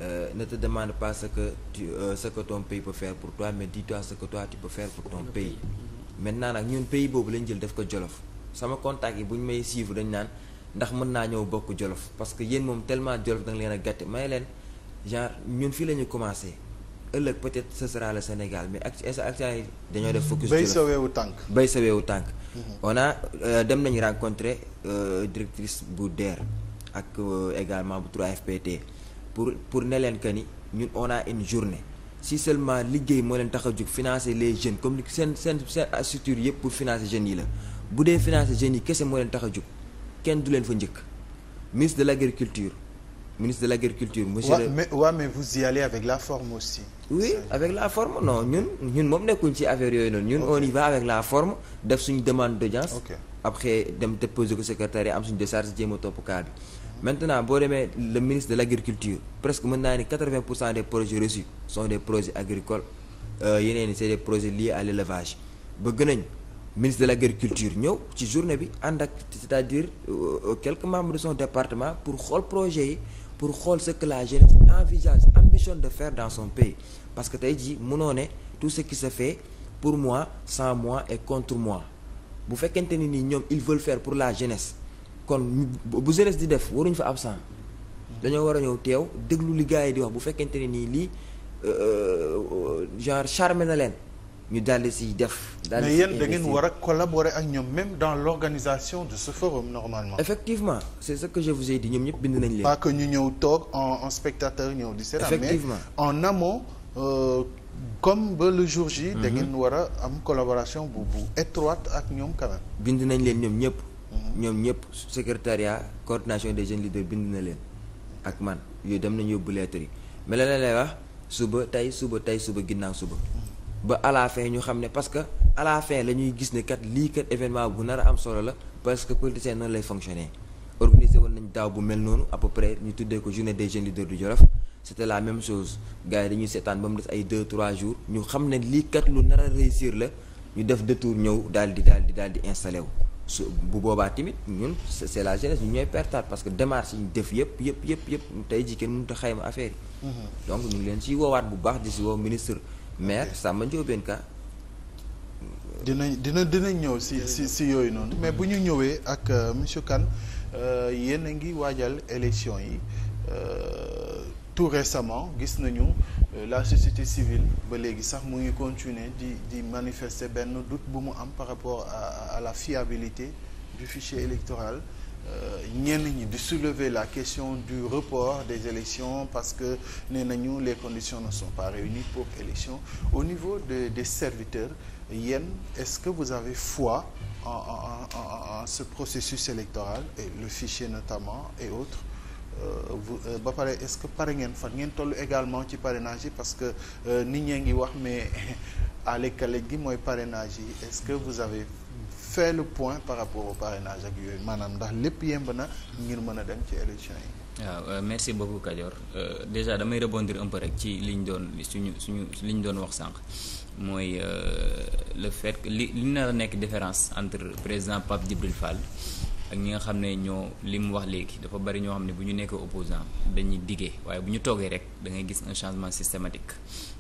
Euh, ne demande pas ce que tu euh, ce que ton pays pour toi mais dis-toi ce que toi tu peux faire pour ton Le pays. pays. Mm ñun pays boobu lañu jël def ko Jolof sama contact yi bu ñu may suivre dañu naan ndax mën naa ñëw bokk Jolof parce que yéen moom tellement Jolof da leen a gàtte may leen genre ñun fii la ñu commencé ëllëg peut-être ce sera Sénégal mais ak sa ak yi dañoo def focus. bay sa tànk bay saweewu tànk. Mhm. on a euh, dem nañ rencontrer euh, directrice bu DER ak euh, également bu 3 pour pour ne leen que ni ñun on a une journée si seulement liggéey moo leen tax a jóg financer les jeunes comme seen seen seen structure yëpp pour financer jeunes yi la bu dee financé jeunes yi kese moo leen tax a jóg kenn du leen fa njëkk ministre de l' agriculture ministre de l' agriculture. monsieur le mais waaw mais vous y allez avec la forme aussi. oui avec la ñun ñun moom nekkuñ ci affaire yooyu noonu. ñun on y avec la forme def suñu demande d' audience. après dem déposer ko secrétaire am suñu a topp cas bi. maintenant boo demee le ministre de l' agriculture presque mën naa ni quatre vingt pour cent des projets reçus sont des projets agricoles euh, yeneen yi c' est des projets liés à élevage bëgg nañ ministre de l' agriculture ñëw ci journée bi ànd ak c' à dire euh, euh, quelques membres de son département pour xool projet yi pour xool ce que la jeunesse envisage ambitionne de faire dans son pays parce que tey jii mënoo ne tout ce qui se pour moi cent moi et contre moi bu fekkente ni nii ñoom ils veulent pour la jeunesse kon bu jeunesse di def waruñ fa absent dañoo war a ñëw teew déglu li gars di wax bu fekkente ne nii lii euh, euh, genre charmé na leen ñu daldi si def. daldi si mais yéen da war a collaborer ak ñoom même dans l'organisation de ce forum normalement. effectivement c'est ce que je vous ai dit ñoom ñëpp bind nañ leen. pas que ñu ñëw toog en en spectateur ñëw di seetaan. effectivement mais en amont. Euh, comme ba le jour J. da mhm. ngeen war a am collaboration bu bu étroite ak ñoom quand même. bind nañ leen ñoom ñëpp. ñoom ñëpp secrétariat coordination des jeunes leaders bind na leen ak man yooyu dem nañu yóbbu lettre yi mais la wax suba tey suba tey suba ginnaaw suba ba à la fin ñu xam ne parce que à la gis ne kat lii kat événement bu nar a am solo la parce que politicien noonu lay fonctionner organiser woon nañ daaw bu mel noonu à peu près ñu tuddee ko journée des jeunes leaders du Jolof c'était la même chose gars yi dañuy seetaan ba mu des ay 2 3 jours ñu xam ne lii kat lu nar a la ñu def détour ñëw daal di daal di daal di installé wu su bu boobaa tamit ñun c'est la jeunesse ñu ñooy pertaat parce que démarche yi ñu def yëpp yëpp yëpp yëpp tey jii kenn mënut a xayma affaire yi. Mhm. donc ñu ngi leen ciy woowaat bu baax di si woo ministre maire Samba Ndiobène Ka. dina dina ñëw si si si yooyu noonu. mais bu ñu ñëwee ak euh, monsieur Kane euh, yéen a ngi waajal élection yi. Euh, tout récemment gis nañu euh, la société civile ba léegi sax mu ngi continuer di di manifester benn doute bu mu am par rapport à, à la fiabilité du fichier électoral euh, ñenn ñi di soulever la question du report des élections parce que nee nañu les conditions ne sont pas réunies pour élection au niveau de des serviteurs yéen est-ce que vous avez foi en en en en ce processus électoral et le fichier notamment et autres Euh, euh, ba pare est-ce que pare ngeen fan ngeen toll également ci parrainage yi parce que euh, nit ñee ngi wax mais àlekale gi mooy parrainage yi est-ce que vous avez fait le point par rapport au parrainage ak yooyu maanaam ndax lépp yemb na ngir mën a dem ci élection yi waaw merci boobu Kajoor déjà damay rebondir un rek ci li ñu doon suñu suñu li ñu doon wax sànq mooy le fait que li li na nekk différence entre président Pape Djibril Fall ak ñi nga xam ne ñoo li mu wax léegi dafa bari ñoo xam ne bu ñu nekkee opposant dañuy diggee waaye bu ñu toogee rek da ngay gis un changement systématique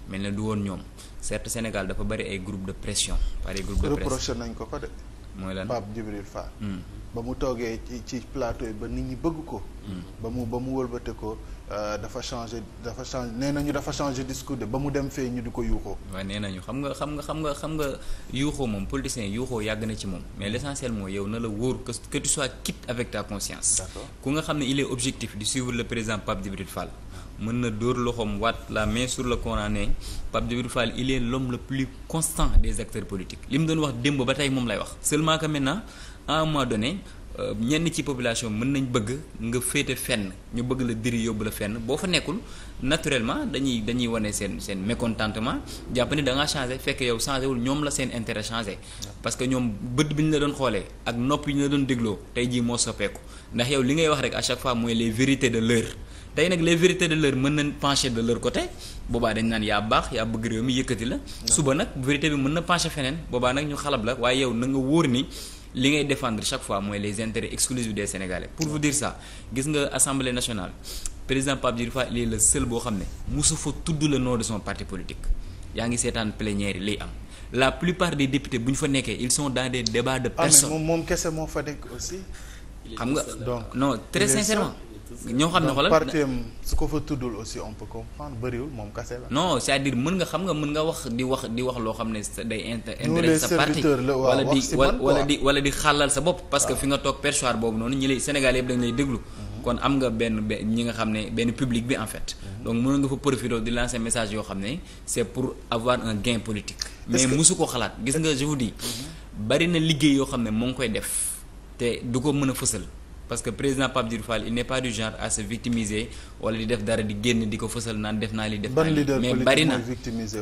mel na du woon ñoom certes Sénégal dafa bari ay groupe de pression par ay groupe de pression reproché nañ ko ko de mooy la Pape hmm. ba mu toogee ci plateau yi ba nit ñi bëgg ko hmm. ba mu ba mu wëlbate ko Euh, dafa changé dafa changé nee nañu dafa changé discours de ba mu dem fee ñu di ko yuuxoo. waaw nee nañu xam nga xam nga xam nga xam nga yuuxoo moom politicien yuuxoo yàgg na ci moom mm. mais l' essentiel mooy yow na la wóor que que tu sois quitte avec ta conscience. ku nga xam ne il est objectif di suivre le président Pape Djibril Fall. mën na dóor loxoom waat la main sur le Coran ne Pape Djibril Fall il est l'homme le plus constant des acteurs politiques li mu doon wax démb ba tey moom lay wax. seulement que maintenant à un moment donné. Euh, ñenn ci population mën nañ bëgg nga féete fenn ñu bëgg la diri yóbbu la fenn boo fa nekkul naturellement dañuy dañuy wone seen seen mécontentement jàpp ni da ngaa changé fekk yow changé wul ñoom la seen intérêt changé. parce que ñoom bët bi ñu la doon xoolee ak nopp yi ñu la doon dégloo tey jii moo soppeeku ndax yow li ngay wax rek à chaque fois mooy les vérités de l'heure tey nag les vérités de l'heure mën na pencher de leur côté boobaa dañ naan yaa baax yaa bëgg réew mi yëkkati la. suba nag vérité bi mën na pencher feneen boobaa nag ñu xalab la waaye yow na nga wóor ni. li ngay défendre chaque fois mooy les intérêts exclusifs des Sénégalais pour vous dire ça gis nga assemblée nationale président Pape Djibril Fall il est le seul boo xam ne mosu fa tudd le nom de parti politique yaa ngi seetaan plénière yi lay am la plupart des députés bu ñu fa nekkee ils sont dans des débats de personnes ah mais moom moom kese moo fa nekk aussi. xam nga donc non très sincèrement. ñoo xam ne xoolal partiam su ko fa tuddul aussi on peut comprendre bëriwul moom non cest à mën nga xam nga mën nga wax di wax di wax loo xam ne sa day. intérêt sa parti wala di wala di wala di xàllal sa bopp. parce que fi nga toog perchoir boobu noonu ñi lay Sénégal yëpp dañ lay déglu. Mhm. kon am nga benn benn ñi nga xam ne benn public bi en fait. Mhm. donc mën nga fa profiter di lancer message yoo xam ne c'est pour avoir un gain politique. mais mosu ko xalaat gis nga je vous dis. Mhm. bari na liggéey yoo xam ne moo ngi koy def te du ko mën a fësal parce que président Pape Diouf Fall il n'est pas du genre à se victimiser wala di def dara di génn di ko fësal naan def naa li def naa li mais bari na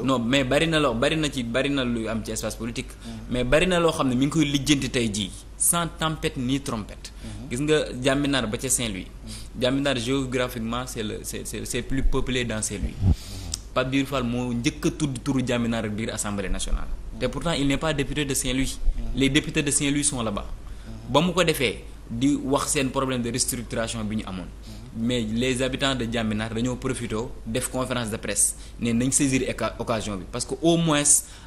non mais bari na loo bari na ci bari na luy am ci espace politique mm-hmm. mais bari na loo xam ne mi ngi koy lijjanti tey jii sans tempête ni trompette mm-hmm. gis nga Jàmminaar ba ca Saint-Louis mm-hmm. Jàmminaar géographiquement c'est le c'est c'est c'est plus peuplé dans Saint-Louis Pape Diouf Fall moo njëkk a tudd turu Jàmminaar ak biir assemblée nationale te pourtant il n'est pas député de Saint-Louis les députés de Saint-Louis sont là-bas ba mu ko defee di wax seen problème de restructuration bi ñu amoon mais les habitants de Diambinar dañoo profité def conférence de presse ne nañ saisir occasion bi parce que au moins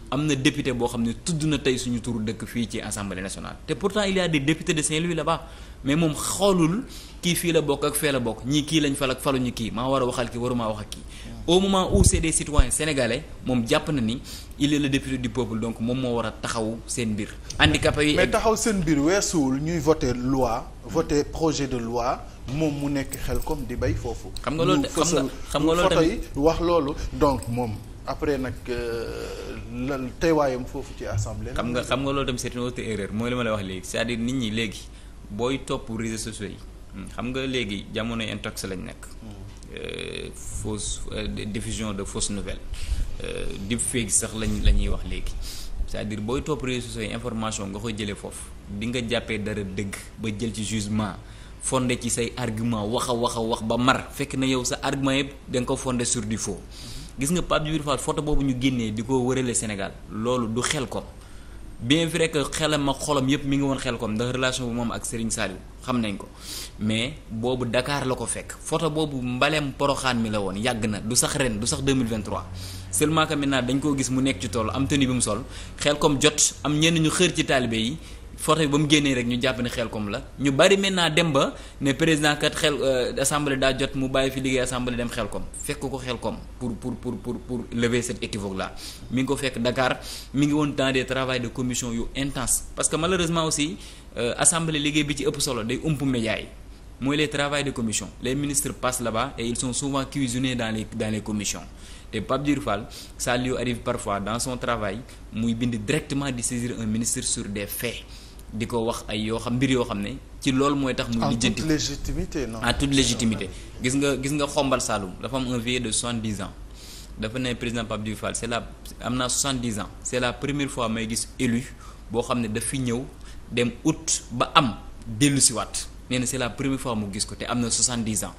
am na député boo xam ne tudd na tey suñu turu dëkk fii ci assemblée nationale te pourtant il y a des députés de Saint-Louis là-bas mais moom xoolul kii fii la bokk ak fee la bokk ñii kii lañ fal ak faluñu kii maa war a waxal kii warumaa wax ak kii au moment où c'est des citoyens il est le député du peuple donc moom moo war a taxaw seen mbir. handicapé yi taxaw seen mbir weesuwul ñuy voter loi voter projet de loi moom mu nekk xel comme di bay foofu. xam nga loolu xam nga xam wax loolu donc moom. après nag euh, lan teewaayam foofu ci assemblée. xam nga xam nga loolu tamit c'est une autre erreur mooy li ma lay wax léegi sa à dire nit ñi léegi booy topp réseaux sociaux yi. Hmm, xam nga léegi jamonoy intox lañ nekk. Hmm. Euh, fausse euh, diffusion de fausses nouvelle Euh, di fake sax lañ la ñuy wax léegi cest à booy topp réseaux sociaux information nga ko jëlee foofu di nga jàppee dara dëgg ba jël ci jugement fonde ci say argument wax a wax a wax ba mar fekk na yow sa argument yëpp da nga ko fonde sur du faux gis nga Pape Djibril Fall foto boobu ñu génnee di ko wërale Sénégal loolu du xel ko bien vrai que xelam ak xolam yëpp mi ngi woon xel kom ndax relation bu moom ak Serigne Saliou xam nañ ko mais boobu dakaar la ko fekk photo boobu mbalem poroxaan mi la woon yàgg na du sax ren du sax 2023 seulement que maintenant dañ koo gis mu nekk ci tool am tenue bi mu sol xel comme jot am ñenn ñu xër ci taalibe yi photo bi ba mu génnee rek ñu jàpp ne xel comme la ñu bari maintenant dem ba ne président kat xel euh, assemblée daa jot mu bàyyi fi liggéey assemblée dem xel comme fekk ko xel comme pour pour pour pour pour lever cet équivoque là mi ngi ko fekk Dakar mi ngi woon dans des travail de commission yu intense parce que malheureusement aussi euh, assemblée liggéey bi ci ëpp solo day mooy les travail de commission les ministres passent là-bas et et Pape Diouf Fall ça lui arrive parfois dans son travail muy bind directement di saisir un ministre sur des faits di ko wax ay yoo xam mbir yoo xam ne ci loolu mooy tax. muy lijjanti en toute légitimité non. en toute légitimité gis nga gis nga xombal Saloum dafa am un vieil de soixante-dix ans ne président Pape Diouf Fall c'est la am naa soixante-dix ans c'est la première fois may gis élu boo xam ne daf fi ñëw dem ut ba am dellu nee na c'est la première fois mu gis ko te am na soixante-dix ans.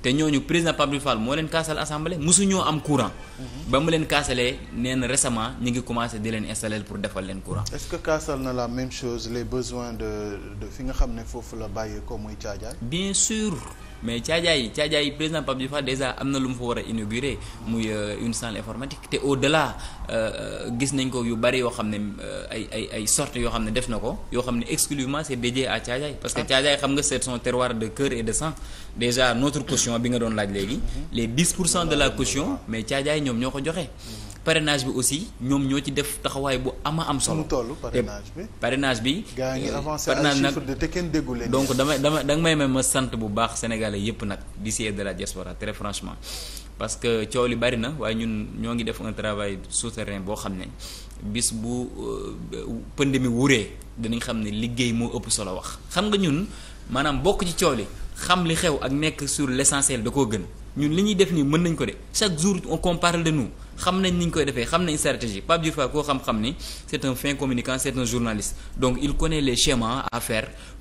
te ñooñu président Pape Diouf Fall moo leen kaasal assemblée mosu ñoo am courant. Mhm. ba mu leen kaasalee nee na récemment ñu ngi commencé di leen installer pour defal leen courant. est-ce que kaasal na la même chose les besoins de de fi nga xam ne foofu la bàyyi ko muy caajaay. bien sûr. mais Thiadiaye Thiadiaye président Pape Diouf déjà am na lu mu fa war a inauguré muy euh, une salle informatique te au delà euh, euh, gis nañ ko yu bari yoo xam ne ay ay ay sorties yoo xam ne def na ko yoo xam ne exclusivement c'est dédié à Thiadiaye parce que ah. Thiadiaye xam nga c'est son terroir de cœur et de sang déjà notre caution bi nga doon laaj léegi mhm. les 10 pour cent de la caution mais Thiadiaye ñoom ñoo ko joxe mhm. parrainage bi aussi ñoom ñoo ci def taxawaay bu ama am solo. mu toll parrainage bi parrainage bi. gaa ngi euh, avancé à chiffre donc damay dama danga may may ma sant bu baax sénégalais yépp nag d'ici et de la diaspora très franchement. parce que coow li bari na waaye ñun ñoo ngi def un travail souterrain boo xam ne bis bu euh, pandémie wuree dinañ xam ne liggéey moo ëpp solo wax xam nga ñun maanaam bokk ci coow li xam li xew ak nekk sur l'essentiel da koo gën ñun li ñuy def nii mën nañ ko de chaque xam nañ ni ñu koy defee xam nañ stratégie Pape Diouf Fall koo xam-xam ni c'est un fin communicant c'est un journaliste donc il connaît les schémas à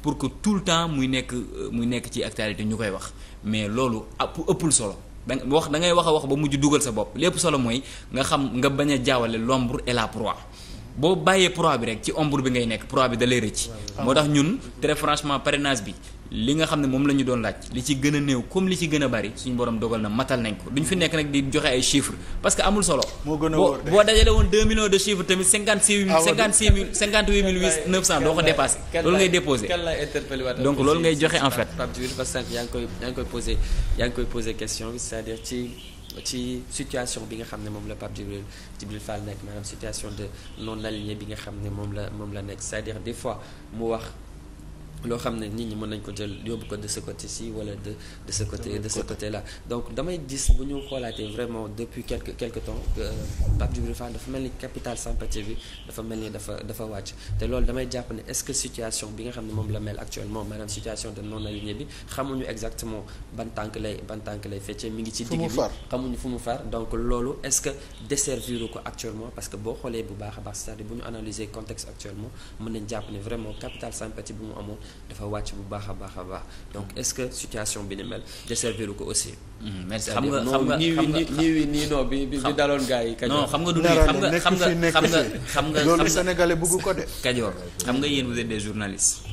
pour que tout le temps muy nekk euh, muy nekk ci actualité ñu koy wax mais loolu ëppul solo da wax da ngay wax a wax ba mujj dugal sa bopp lépp solo mooy nga xam nga bañ a jaawale l'ombre et la proie boo bàyyee proie bi rek ci ombre bi ngay nekk proie bi da lay rëcc moo tax ñun très franchement parrainage bi li nga xam ne moom lañu ñu doon laaj li ci gën a néew comme li ci gën a bari suñu borom dogal na matal nañ ko duñ fi nekk nag di joxe ay chiffres parce que amul solo. moo gën a wóor boo dajale woon 2 millions de chiffres tamit 56 mille 56 ah, mille 58 mille 8 900 doo ko dépassé. loolu ngay déposé donc loolu ngay joxe en fait. Pape Djibril parce que yaa ngi koy yaa ngi koy posé yaa ngi koy posé question bi c'est-à-dire ci situation bi nga xam ne moom la Pape Djibril Djibril Fall nekk maanaam situation de non aligné nga xam ne moom la moom la nekk cest fois mu wax. loo xam ne nit ñi mën nañ ko jël yóbbu ko de ce si ci wala de de ce côté de ce côté donc damay gis bu ñu xoolaatee vraiment depuis quelque quelque temps euh, Pape Djibril dafa mel ni capital sympathie bi dafa mel ni dafa dafa wàcc te loolu damay jàpp ne est-ce que situation bi nga xam ne moom la mel actuellement maanaam situation de non aligné bi xamuñu exactement ban tànk lay ban tànk lay feccee mi ngi ci digg bi xamuñu fu mu far donc loolu est-ce que desserviru ko actuellement parce que boo xoolee bu baax a baax c'est-à-dire bu ñu analyser contexte actuellement mën nañ jàpp ne mu amoon dafa wàcc bu baax a baax a baax donc est-ce que situation bi ni mel desserviru ko aussi. Hmm, merci xam nga xam nga xam nga nii nii nii non bi bi daloon gars yi. Kajoor non xam nga du nii xam nga xam nga xam nga xam nga loolu sénégalais bëgg ko de. Kajoor xam nga yéen vous êtes des journalistes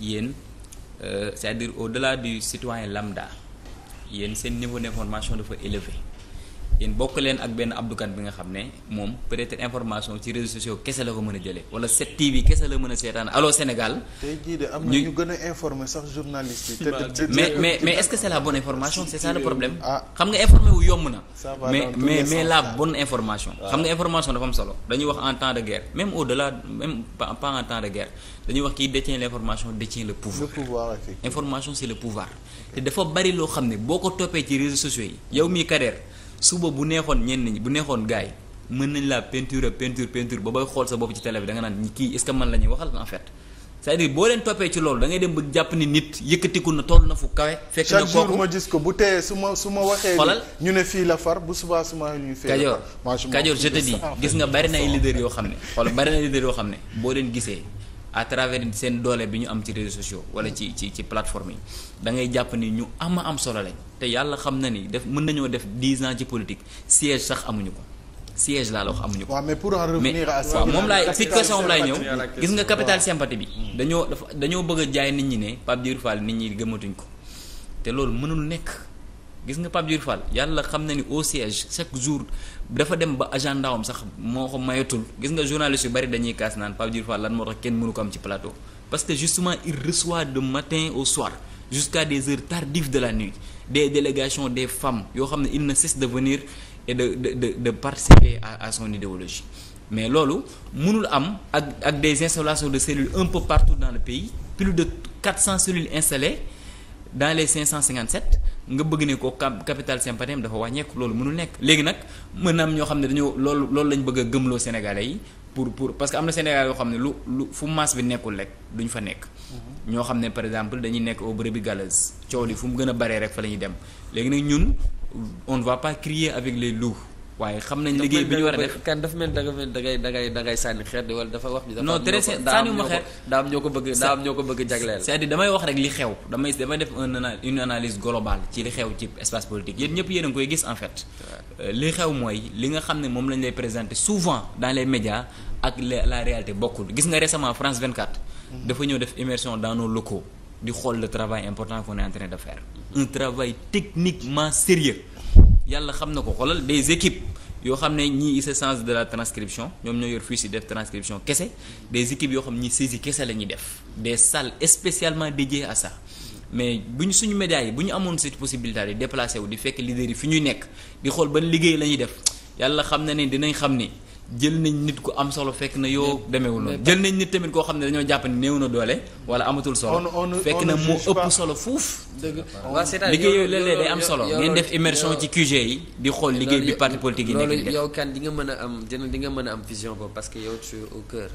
yéen euh, c'est-à-dire au-delà du citoyen lambda yéen seen niveau d'information dafa élevé. yéen bokk leen ak benn Abdou Kane bi nga xam ne moom peut-être information ci réseaux sociaux kese la ko mën a jëlee wala 7TV kese la mën a seetaan Allô Sénégal. tey am na ñu gën a informer mais mais mais est-ce que c'est la bonne information c'est ça le problème. Ah. la bonne information. xam nga information dafa am solo. dañuy wax en temps de guerre même au-delà même pas en temps de guerre dañuy wax kii détient l'information détient le pouvoir. le pouvoir information c'est le pouvoir. te dafa bari loo xam ne boo ko toppee ci réseaux sociaux yi yow mii Kader. suba bu neexoon ñenn ñi bu neexoon gars yi mën nañ laa peinture peinture peinture ba bay xool sa bopp ci télé bi da nga naan kii est man la waxal en fait cest dire boo leen toppee ci loolu da ngay dem ba jàpp ni nit yëkkatiku na toll na fu kawe. fekk na kooku chaque ma gis ko bu teyee su ma su ma waxee. xoolal ñu ne fii la far bu suba su ma ñu fii la far. Kajoor Kajoor je te gis nga bari na ay leaders yoo xam ne xool bari na leaders yoo xam ne boo leen gisee à travers seen doole bi ñu am ci réseaux sociaux wala ci ci ci plateforme yi da ngay jàpp ni ñu ama am solo lañ te yàlla xam na ni def mën nañoo def dix ans ci politique siège sax amuñu ko siège laa la wax amuñu ko. waaw mais pour en moom laay si question laay ñëw gis nga capital sympathie bi. dañoo dafa dañoo bëgg a jaay nit ñi ne Pape Djibril Fall nit ñi gëmatuñ ko te loolu mënul nekk. gis nga Pape Diouf Fall yàlla xam na ni au siège chaque jour dafa dem ba agenda am sax moo ko mayatul gis nga journaliste yu bari dañuy kaas naan Pape Diouf Fall lan moo tax kenn mënu ko am ci plateau parce que justement il reçoit de matin au soir jusqu'à des heures tardives de la nuit des délégation des femmes yoo xam ne il ne cesse de venir et de de de, de participer à, son idéologie mais loolu mënul am ak ak des installations de cellules un peu partout dans le pays plus de 400 cellules installées dans les 557 nga bëgg ni ko capital sympathie am dafa wàññeeku loolu mënul nekk. léegi nag mën am ñoo xam ne dañoo loolu loolu lañ bëgg a gëmloo sénégalais yi pour pour parce que am na sénégalais yoo xam ne lu lu fu masse bi nekkul rek duñ fa nekk. Mhm. ñoo xam ne par exemple dañuy nekk au brebis galeuse coow li fu mu gën a baree rek fa la ñuy dem léegi nag ñun on ne va pas crier avec les loups. waaye xam nañ liggéey bi ñu war a def kan dafa mel da nga mel da ngay da ngay da ngay sànni xeer wala dafa wax ni. non très sànniwuma xeer daa am ñoo ko bëgg daa am ñoo damay wax rek li xew damay damay def un une analyse globale ci li xew ci espace politique yéen ñëpp yéen a ngi koy gis en fait. Euh, li xew mooy li nga xam ne moom lañ lay présenter souvent dans les médias ak la réalité bokkul gis nga récemment France 24. Mm-hmm. dafa ñëw def immersion dans nos locaux di xool le travail important qu'on est en train de faire. un travail techniquement sérieux yàlla xam na ko xoolal des équipes yoo xam ne ñii sens de la transcription ñoom ñoo yor fii si def transcription kese des équipes yoo xam ne ñi saisi kese la ñuy def des salles spécialement dédiées à ça mais bu ñu suñu médias yi bu ñu amoon cette possibilité yi déplacé wu di fekk leader yi fi ñuy nekk di xool ban liggéey lañuy def yàlla xam na ne dinañ xam ni jël nañ nit ku am solo fekk na yoo demeewul noonu jël nañ nit tamit koo xam ne dañoo jàpp ne néew na doole wala amatul solo fekk na mu ëpp solo fuuf liggéey yooyu léeg-léeg day am solo ngeen def immersion ci QG yi di xool liggéey bi parti politique yi nekk yow kan di nga mën a am dina di nga mën a am vision boobu parce que yow tu au cœur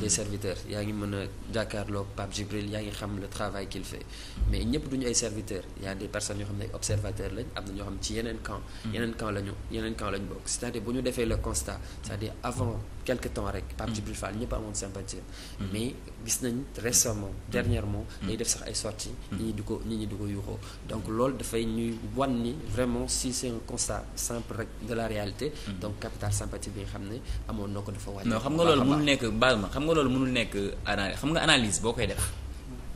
des mhm. serviteur yaa ngi mën a jàkkaarloog Pape Djibril yaa ngi xam le travail qu'il fait mais ñëpp duñu ay serviteurs y a des personnes yoo xam ne observateurs lañ am na ñoo xam ci yeneen camp mhm. yeneen camp la ñu yeneen camp la ñu bokk c'est-à-dire bu ñu defee le constat c'est-à-dire avant quelque temps rek Pape mm. Djibril Fall ñëpp amoon sympathie mm. mais gis nañ récemment dernièrement mm. day def sax ay sorties nit ñi di ko nit ñi di ko yuuxoo donc loolu dafay ñuy wan ni vraiment si seen un constat simple rek de la réalité donc capital sympathie bi nga xam ne amoon noo ko dafa wàññi non xam nga loolu mënul nekk baal ma xam nga loolu mënul nekk analyse xam nga analise boo koy def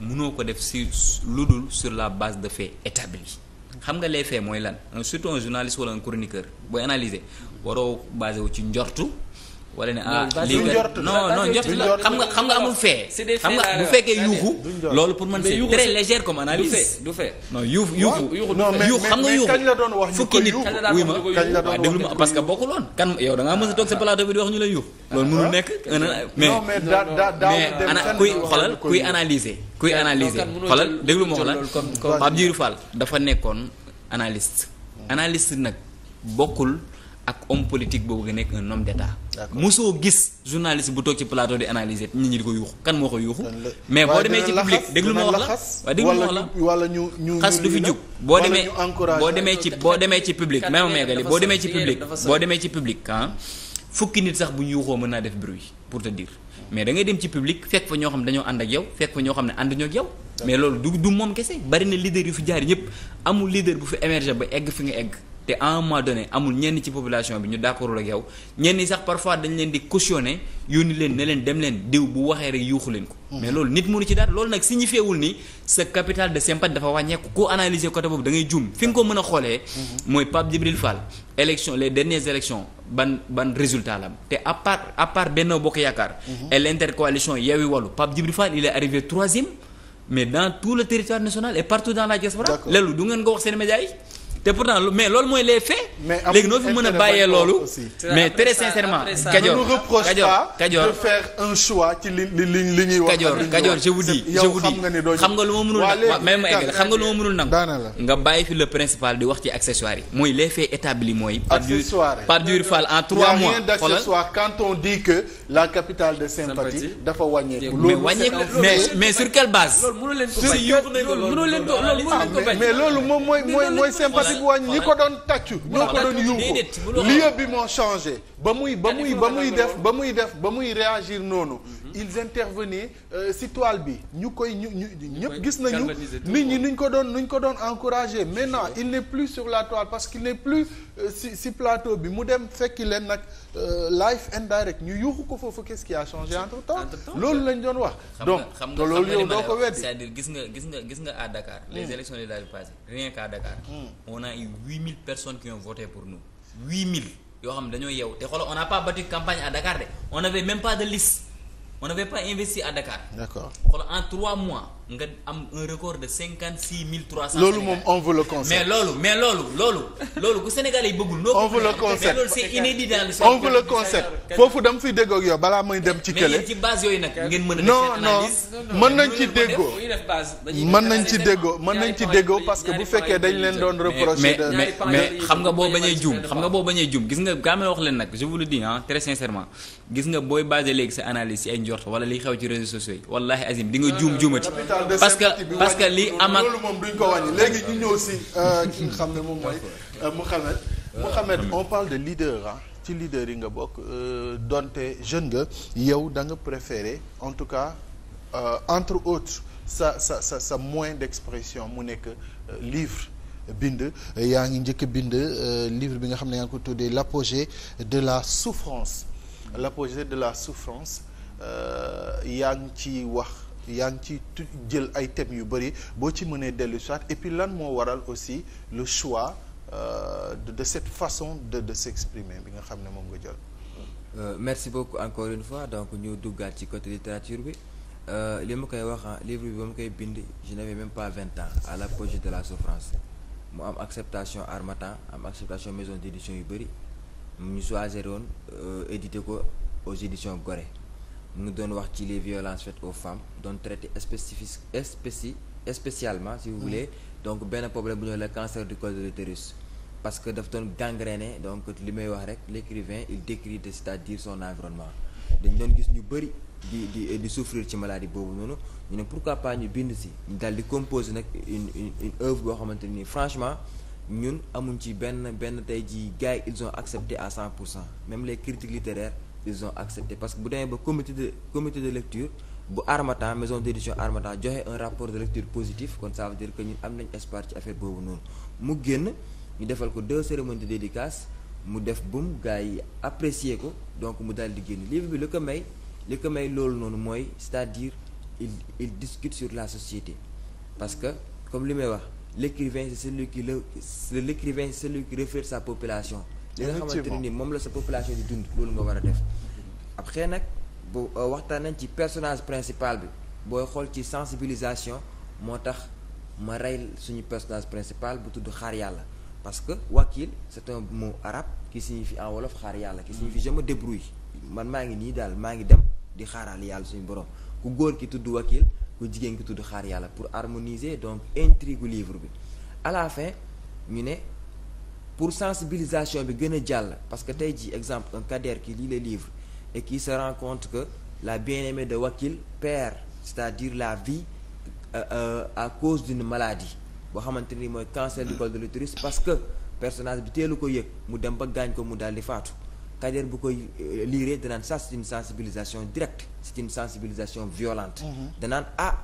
mënoo ko def si lu dul sur la base de faits établis xam nga les faits mooy lan surtout un journaliste wala un chroniqueur booy analyser waroo wu ci njortu wala ne ah lii non non njort xam nga xam nga amul fee. xam nga euh, bu fekkee yuuxu. loolu pour man c'est très légère comme analyse. du yuuxu yuuxu. yuuxu xam nga yuuxu fukki nit wuy ma waaw déglu ma parce que bokkul woon kan yow da ngaa a toog sa ah. plateau bi di wax ñu lay yuuxu. loolu ah. mënul nekk mais mais kuy xoolal kuy analyser. kuy ah, analyser xoolal déglu ma xoolal Pape Djibril Fall dafa nekkoon analyste. analyste nag bokkul ak homme politique boobu nga nekk un mosoo gis journaliste bu toog ci plateau di analyser nit ñi di ko yuuxu kan moo ko yuuxu mais boo demee ci public déglu ma wax la waaw boo demee ci boo demee ci public même meegali boo fukki nit sax bu ñu yuuxoo mën naa def bruit pour te dire mais da dem ci public fekk fa ñoo xam ne dañoo ànd ak yow fekk fa ñoo xam ne ànduñoo ak yow mais loolu du du moom kese bari leader yu fi jaar ñëpp amul leader bu fi émerger ba egg fi nga egg te à un moment donné amul ñenn ci population bi ñu d'accordul ak yow ñenn sax parfois dañ leen di cautionner yónni leen ne leen dem leen diw bu waxee rek yuuxu leen ko. Mm. mais loolu nit mënu ci dara loolu nag signifié wul ni sa capital de sympathie dafa wàññeeku. ku analyser côté boobu da ngay juum fi nga ko mën a xoolee. Mm-hmm. mooy Pape Djibril Fall. élection les dernières élections ban ban résultat la te à part à Bokk Yaakaar. Mm-hmm. et l'intercoalition te pourtant mais loolu mooy les faits. mais léegi noo fi mën a bàyyee loolu. mais très sincèrement. Kajoor Kajoor Kajoor de faire ci li li li ñuy wax. Kajoor Kajoor je vous dis je vous dis xam nga lu ma mënul nag même ma egg xam nga lu ma mënul nag nga bàyyi fi le principal di wax ci accessoires yi. mooy les faits établis mooy. accessoires yi Pape Diouf Fall en trois mois. xoolal quand on dit que la capitale de sympathie dafa wàññeeku. loolu mais mais sur quelle base. loolu mënoo leen ko mais loolu moom mooy mooy mooy sympathie bu wàññi ñi ko doon tàccu. ñoo ko doon yuuxu lieu bi moo changé. ba muy ba muy ba muy def ba muy def ba muy réagir noonu. Mhm. ils intervenaient euh, si toile bi ñu koy ñu ñu ñëpp gis nañu nit ñi ko doon nuñ ko doon encouragé maintenant il n'est plus sur la toile parce qu'il n'est plus euh, si plateau bi mu dem fekki leen nag euh, live and direct ñu yuuxu ko foofu qu'est-ce qui a entre temps loolu lañ doon wax donc te loolu yow doo ko weddi cest à gis nga gis nga gis nga à Dakar les hmm. élections locales passées rien qu'à Dakar hmm. on a huit mille personnes qui ont voté pour nous huit mille yoo xam ne dañoo yeew te xoolal on n'a on n'avait pas investi à Dakar. d'accord xool en trois mois. nga am un de cinquante six mille loolu moom on veut mais loolu mais loolu loolu. loolu bu Sénégalais yi bëggul. noo on veut le concept mais loolu c'est inédit dans foofu dama fiy déggoo ak yow balaa dem ci kële. mais ci base yooyu nag ngeen mën a. non non mën nañ ci déggoo. mën nañ ci déggoo mën nañ ci déggoo parce que bu fekkee dañ leen doon reprocher. de mais mais xam nga boo bañee juum xam nga boo bañee juum gis nga kaa ma wax leen nag je vous le dis ah très gis nga booy basé léegi sa analyse ci ay njort wala li xew ci réseaux sociaux yi wallahi azim di nga juum juumati de parce que parce que li amal loolu moom ñu ko wàññi léegi ñu ñëw si euh, ki nga moom mooy euh, Mouhamed euh, Mouhamed on parle de leader ci leader yi nga bokk donte jeune nga yow da nga préféré en tout cas entre autres sa sa sa sa moyen d'expression mu nekk livre bind yaa ngi njëkk bind livre bi nga xam ne yaa ngi ko tuddee l'apogée de la souffrance l'apogée de la souffrance yaa ngi ci wax yaa ngi ci jël ay thèmes yu bëri boo ci mënee dellu soit et lan moo waral aussi le choix euh, de de cette façon de de s'exprimer bi nga xam ne moom nga jël. Euh, merci beaucoup encore une fois donc ñu duggaat ci côté littérature bi euh, li ma koy wax livre bi ba mu koy bind je n'avais même pas vingt ans à la l'apogée de la souffrance mu am acceptation Harmattan am acceptation maison d'édition yu bëri ñu choisir woon euh, édité ko aux éditions Gorée. mu ngi doon wax ci les violences faites aux femme doon traité spécifique spéci spécialement si vous mm. voulez donc benn problème bu ñu le cancer du col de l'utérus parce que daf doon gangréné donc li may wax rek l'écrivain il décrit de c'est-à-dire son environnement dañ doon gis ñu bëri di di di souffrir ci maladie boobu noonu ñu ne pour campagne bind si ñu daal di composer nag une une boo xamante nii franchement ñun amuñ ci benn benn tey ji gars yi ils ont accepté à 100 pour cent même les critiques littéraires ils on accepté parce que bu demee ba comité de comité de lecture bu Armatan maison d'édition Armatan joxe un rapport de lecture positif kon ça veut dire que ñun am nañ espoir ci affaire boobu noonu mu génn ñu defal ko deux cérémonies de dédicace mu def bum gars yi apprécier ko donc mu daal di génn livre bi li ko may li ko may loolu noonu mooy c'est-à-dire il il discute sur la société parce que comme li may wax l'écrivain c'est celui qui le l'écrivain c'est celui population li nga xamante ne moom la sa population di dund loolu nga war a def ab xëy nag bu euh, waxtaan nañ ci personnage principal bi booy xool ci sensibilisation moo tax ma rey suñu personnage principal bu tudd xaar yàlla parce que wakil c'est mu arab arabe qui signifie en wolof xaar yàlla ki signifie je me débrouille man maa ngi nii daal maa ngi dem di xaaraal yàlla suñu borom ku góor ki tudd wakil ku jigéen ki tudd xaar yàlla pour harmoniser donc intrigue livre bi à ne pour sensibilisation bi gën a jàll parce que tey jii exemple un cadre qui lit les livres et qui se rend compte que la bien-aimée de Wakil perd c'est-à-dire la vie euh, euh, à cause d'une maladie boo xamante ni mooy cancer du col de l'utérus parce que personnage bi teelu ko yëg mu dem ba gaañ ko mu daal di faatu cadre bu koy euh, liiree danaan ça c'est une sensibilisation direct c'est une sensibilisation violente mm-hmm. danaan ah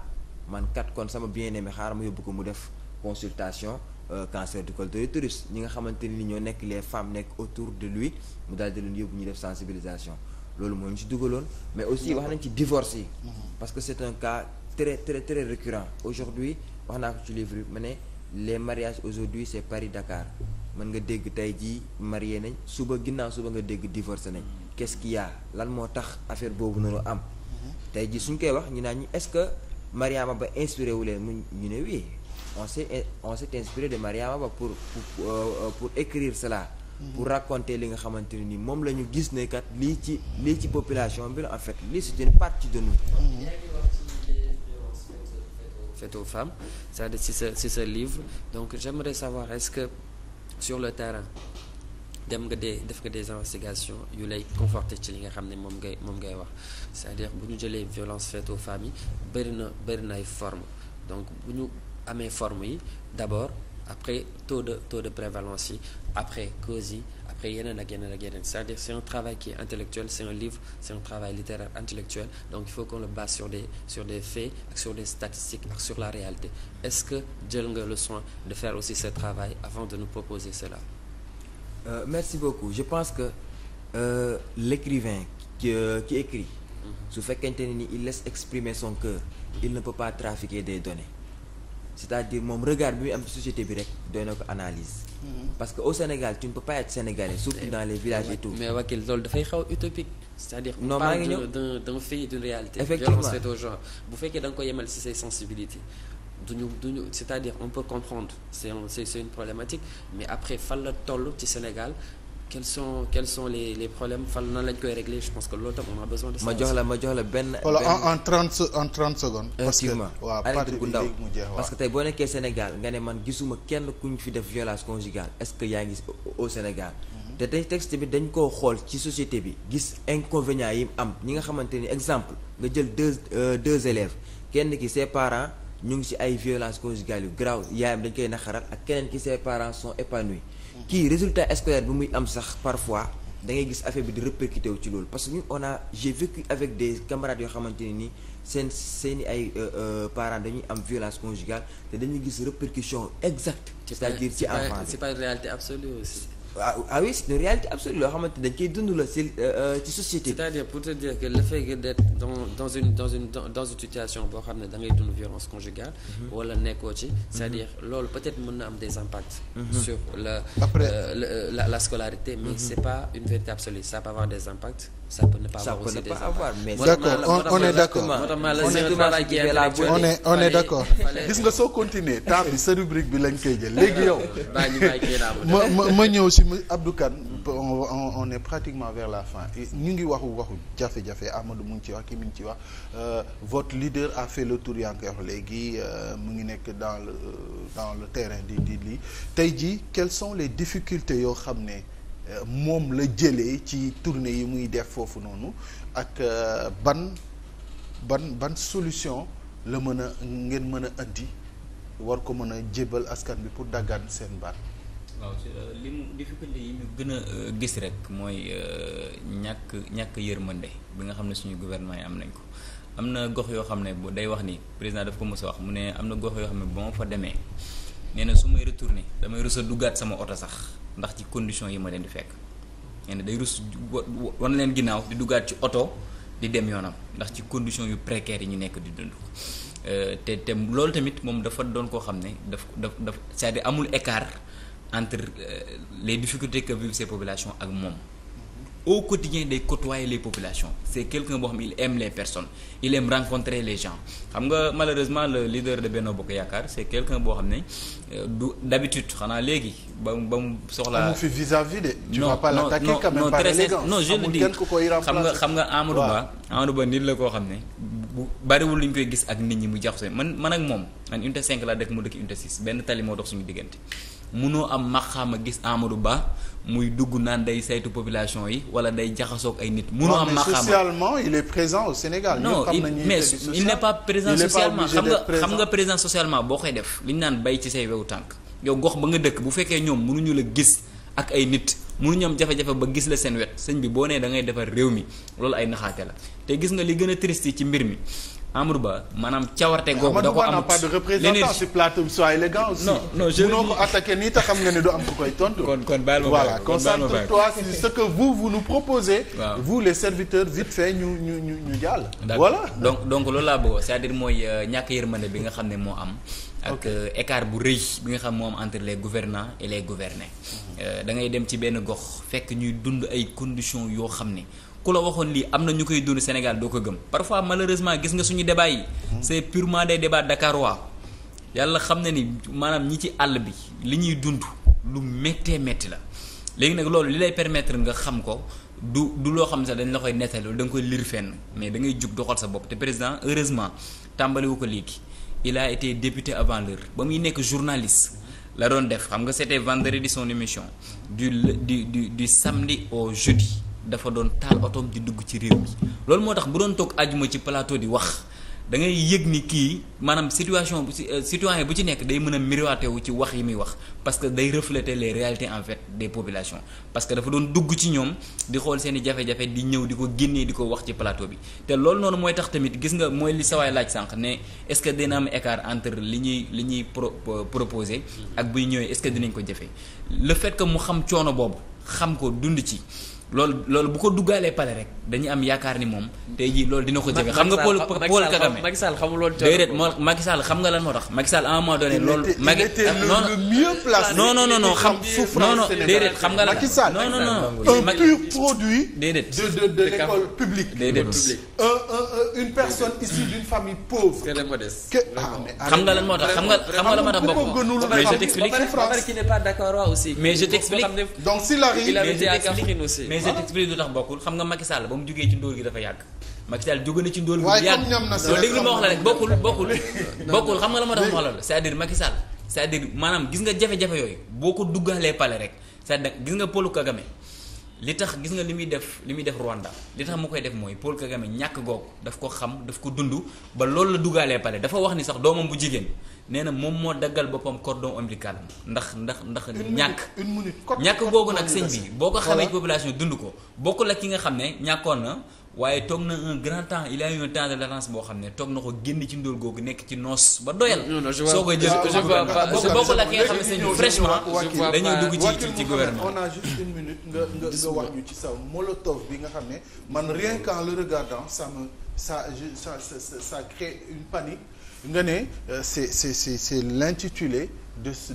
man kat kon sama bien xaaral ma yóbbu ko mu def consultation Euh, cancer du col de l'utérus ñi nga xamante ni ñoo nekk les femmes nekk autour de lui mu daal di yóbbu ñu def sensibilisation loolu moo ñu ci dugaloon mais aussi wax nañ ci divorce yi mhm. parce que c'est un cas très très très récurrent aujourd'hui wax naa ko ci livre bi ma ne les mariages aujourd'hui c'est Paris Dakar mën nga dégg tey jii marié nañ suba ginnaaw suba nga dégg divorcé nañ qu'est-ce a lan moo tax affaire boobu noonu am mhm. tey jii suñ wax ñu naan est-ce que Mariama Ba inspiré wu leen mu on s'est on s'est de Mariama Ba pour euh, pour, écrire cela. pour raconter li nga xamante nii moom la ñu gis ne kat lii ci lii ci population bi la en fait lii si une parti de nous. fait femme femmes dire si sa si sa livre donc j'aimerais savoir est-ce que sur le terrain dem nga des def nga des investigations yu lay conforter ci li nga xam ne moom ngay moom ngay wax c'est-à-dire bu ñu jëlee violence faite aux femmes yi bëri na bëri na ay formes donc bu ñu amee forme yi d'abord après taux de taux de prévalence yi après cause yi après yeneen ak yeneen ak yeneen c'est-à-dire c'est un travail qui est intellectuel c'est un livre c'est un travail littéraire intellectuel donc il faut qu'on le base sur des sur des faits ak sur des sur la réalité est-ce que jël nga le soin de faire aussi ce travail avant de nous proposer cela euh, merci beaucoup je pense que euh, l'écrivain qui, euh, qui écrit mm-hmm. su fekkente ne ni il laisse exprimer son cœur il ne peut des données c'est-à-dire moom regard bi muy am ci société bi rek doy na ko analyse. Mhm. parce que au Sénégal tu ne peux pas être sénégalais surtout dans les villages et mais Wakil loolu dafay xaw utopique. c'est-à-dire on parle d'un réalité. effectivement violence faite aux gens bu fekkee da nga ko yemal ci say ñu duñu ñu c'est-à-dire on peut comprendre c'est c'est une problématique mais après fan la toll ci Sénégal quels sont quels sont les les problèmes fan nan lañ koy régler je pense que loolu tam a besoin de ça. ma jox la ma jox la benn. en trente en trente secondes. bu ndaw parce que tey boo nekkee Sénégal nga ne man gisuma kenn kuñ fi def violence conjugale est-ce que yaa ngi au Sénégal. Mhm. te tey bi dañ koo xool ci société bi gis inconvénients yi am ñi nga xamante ni exemple nga jël deux euh, deux élèves kenn ki ses parents ñu ngi ci ay violences conjugales yu grave yaayam dañ koy naxaral keneen ki ses parents sont kii résultat scolaire bi muy am sax parfois da ngay gis affaire bi di répercuté wu ci loolu parce que ñu on a j'ai avec des camarades yoo xamante nii seen seeni ay euh, euh, parents dañuy am violence conjugale te dañuy gis répercussion exacte c'est-à-dire ci enfant c'est pas une réalité absolue Ah, ah oui c'est une réalité absolue loo xamante dañ koy dund la ci euh, euh, ci société bi. c'est-à-dire pour te dire que le fait que d'être dans une situation boo xam ne da ngay dund violence conjugale. Mm-hmm. wala nekkoo ci. Mm-hmm. c'est-à-dire loolu peut-être mën na am des impacts. Mm-hmm. sur la, Après, euh, la euh, la la scolarité. mais c'est pas une vérité absolue ça peut avoir des impacts. ça peut ne pas avoir, aussi des avoir d'accord on est d'accord on est d'accord gis nga soo continuer temps bi sa rubrique bi lañ koy jël léegi yow ma ma ñëw si ma Kane on est pratiquement vers la fin ñu ngi waxu waxu jafe-jafe Amadou mu ngi ci wax kii mu ngi ci wax votre leader a fait le tour yaa ngi koy léegi mu ngi nekk dans le dans le terrain di di lii tey jii quelles sont les difficultés yoo xam ne moom la jële ci tournée yi muy def foofu noonu ak euh, ban ban ban solution la mën a ngeen mën a indi war ko mën a jébal askan bi pour daggaan seen baat. waaw euh, li mu difficulté yi ñu gën a euh, gis rek mooy ñàkk ñàkk yërmande bi nga xam ne suñu gouvernement yi am nañ ko am na gox yoo xam ne bu day wax ni président daf ko mos a wax mu ne am na gox yoo xam ne ba ma fa demee nee na su may retourné damay rus a duggaat sama oto sax. ndax ci condition yi ma leen di fekk nee na day rus wan leen ginnaaw di duggaat ci oto di dem yoonam ndax ci condition yu précaires yi ñu nekk di dund euh, te te loolu tamit moom dafa doon koo xam ne daf daf daf c'est-à-dire amul écart entre euh, les difficultés que vivent population ak moom au quotidien day côtoyer les populations c'est quelqu'un boo xam il aime les personnes il aime rencontrer les gens xam nga malheureusement le leader de Bokk Yaakaar c'est boo xam ne euh, du d'habitude xanaa léegi ba ba mu soxla amu fi vis-à-vis de tu vas pas nga xam nga Amadou Ba Amadou Ba nit la koo xam ne bu bariwul lu ñu koy gis ak nit ñi mu jaxase man man ak moom man unité 5 laa dëkk mu dëkk unité 6 benn tali moo dox suñu diggante munoo am maqaama gis Amadou Ba muy dugg naan day saytu population yi wala day jaxasoog ay nit. munoo am maqaama socialement il est présent au Sénégal. no il mais il n'est pas présent socialement nga xam nga boo koy def li ñu naan bay ci say wewu tànk. yow gox ba nga dëkk bu fekkee ñoom munuñu la gis ak ay nit mënuñu am jafe-jafe ba gis la seen wet sëñ bi boo nee da ngay defar réew mi loolu ay naxaate la te gis nga li gën a triste ci mbir mi. Amadou Ba maanaam cawarte googu. da ko am pas de représentant sur plateau soit élégant aussi. non non je munoo ko xam nga ne du am ku koy tontu. kon kon baal ma voilà concentre-toi sur ce que vous vous nous proposez. vous les serviteurs vite fait ñu ñu ñu ñu jàll. voilà donc donc loolu laa bëggoon c'est-à-dire mooy euh, ñàkk yërmande bi nga xam ne moo am. ak euh, écart bu rëy bi nga xam moo am entre les gouvernants et les gouvernés. Mm-hmm. Euh, dangay dem ci benn gox fekk ñuy dund ay conditions yoo xam ne. ku la waxoon lii am na ñu koy dund Sénégal doo ko gëm parfois malheureusement gis nga suñu débat yi. Mhm. c'est purement des dakaar dakarois yàlla xam na ni maanaam ñi ci àll bi li ñuy dund lu méttee métti la léegi nag loolu li lay permettre nga xam ko du du loo xam sax dañ la koy nettali da nga koy liir fenn mais da ngay jug doxal sa bopp te président heureusement tàmbaliwu ko léegi il a été député avant l'heure ba muy nekk journaliste. la doon def xam nga c'était vendredi son émission du du du du samedi au jeudi dafa doon taal otoom di dugg ci réew bi loolu moo tax bu doon toog àjjuma ci plateau di wax da ngay yëg ni kii maanaam situation bu ci euh, citoyen bu ci nekk day mën a miroité wu ci wax yi muy wax parce que day refléter les réalités en fait des populations parce que dafa doon dugg ci ñoom di xool seeni i jafe-jafe di ñëw di ko génnee di ko wax ci plateau bi te loolu noonu mooy tax tamit gis nga mooy li sawaay laaj sànq ne est-ce que dina am écart entre li ñuy li ñuy pro proposé ak buy ñëwee est-ce que dinañ ko jëfee le fait que mu xam coono boobu xam ko dund ci loolu loolu bu ko duggaalee pale rek dañuy am yaakaar ni moom tey jii loolu dina ko jege xam nga Paul Paul Kagame Macky Sall xamul woon déedéet moo Macky Sall xam nga lan moo tax Macky Sall à un moment donné loolu Macky le mieux placé non non non non xam non non déedéet xam nga lan non non non un pur produit déedéet de de l'école publique déedéet une personne issue d'une famille pauvre très modeste ah, xam nga lan moo tax xam nga xam nga lan moo tax bokk mais je t'explique mais je t'explique donc s'il arrive set expliqué lu tax bokkul xam nga Macky saal ba mu jógee ci ndóol gi dafa yàgg Macky Sall jóge na ci ndóol gi bu yàgg loolu déglu ma wax la rek bokkul bokkul bokkul xam nga la ma tax ma wax la c'est-à-dire Macky Sall c'est-à-dire maanaam gis nga jafe-jafe yooyu boo ko duggalee pale rek c'est-à-dire gis nga Paul Kagame li tax gis nga li muy def li muy def Rwanda li tax mu koy def mooy Paul Kagame ñàkk googu daf ko xam daf ko dund ba loolu la dugaalee pare dafa wax ni sax doomam bu jigéen nee na moom moo daggal boppam cordon ombilical ndax ndax ndax ñàkk ñàkk googu nag sëñ bi boo ko xamee ci population dund ko bokkul ak ki nga xam ne ñàkkoon na waaye toog na un grand temps il a eu temps de latence boo xam ne toog na ko génn ci ndóol googu nekk ci noos ba doyal. soo koy jël je vois pas bokkul xam ne seen fraîchement dañuy dugg ci ci gouvernement. on a juste nga nga nga wax ci saw molotov bi nga xam ne man rien qu'en le regardant ça me ça ça ça crée une panique nga ne euh, c'est c'est c'est l'intitulé.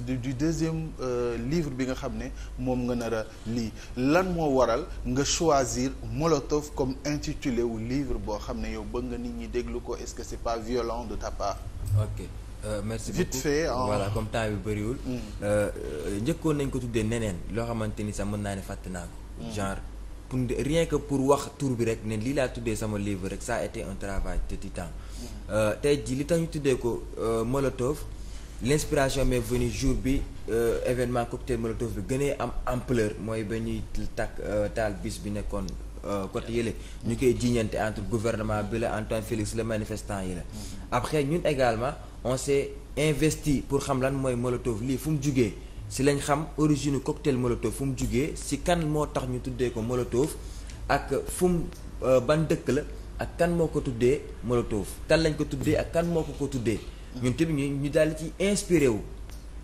du deuxième euh, livre bi nga xam ne moom nga nar a lii lan moo waral nga choisir Molotov comme intitulé wu livre boo xam ne yow bëgg nga nit ñi déglu ko est-ce que c'est pas violent de ta part ok Euh, fait en... comme temps bi bëriwul. Mm. Euh, njëkkoon nañ ko tuddee neneen loo xamante ni sax mën naa ne fàtte naa ko. Mm. genre pour rien que pour wax tour bi rek ne lii laa tuddee sama livre rek ça a été un travail de titan. Mm. Euh, tey jii li tax ñu tuddee ko Molotov. l'inspiration m'est venue jour bi euh, événement cocktail Molotov bi gënee am ampleur mooy ba ñuy takk euh, taal bis bi nekkoon euh, côté yële ñu koy jiñante entre gouvernement bi la Antoine Félix le manifestant yi la après ñun également on s'est investi pour xam lan mooy Molotov lii fu mu jugee si lañ xam origine cocktail Molotov fu mu jugee si kan moo tax ñu tuddee ko Molotov ak fu mu euh, ban dëkk la ak kan moo ko tuddee Molotov kan lañ ko tuddee ak kan moo ko ko tuddee ñun tamit ñu ñu daal ci inspiré wu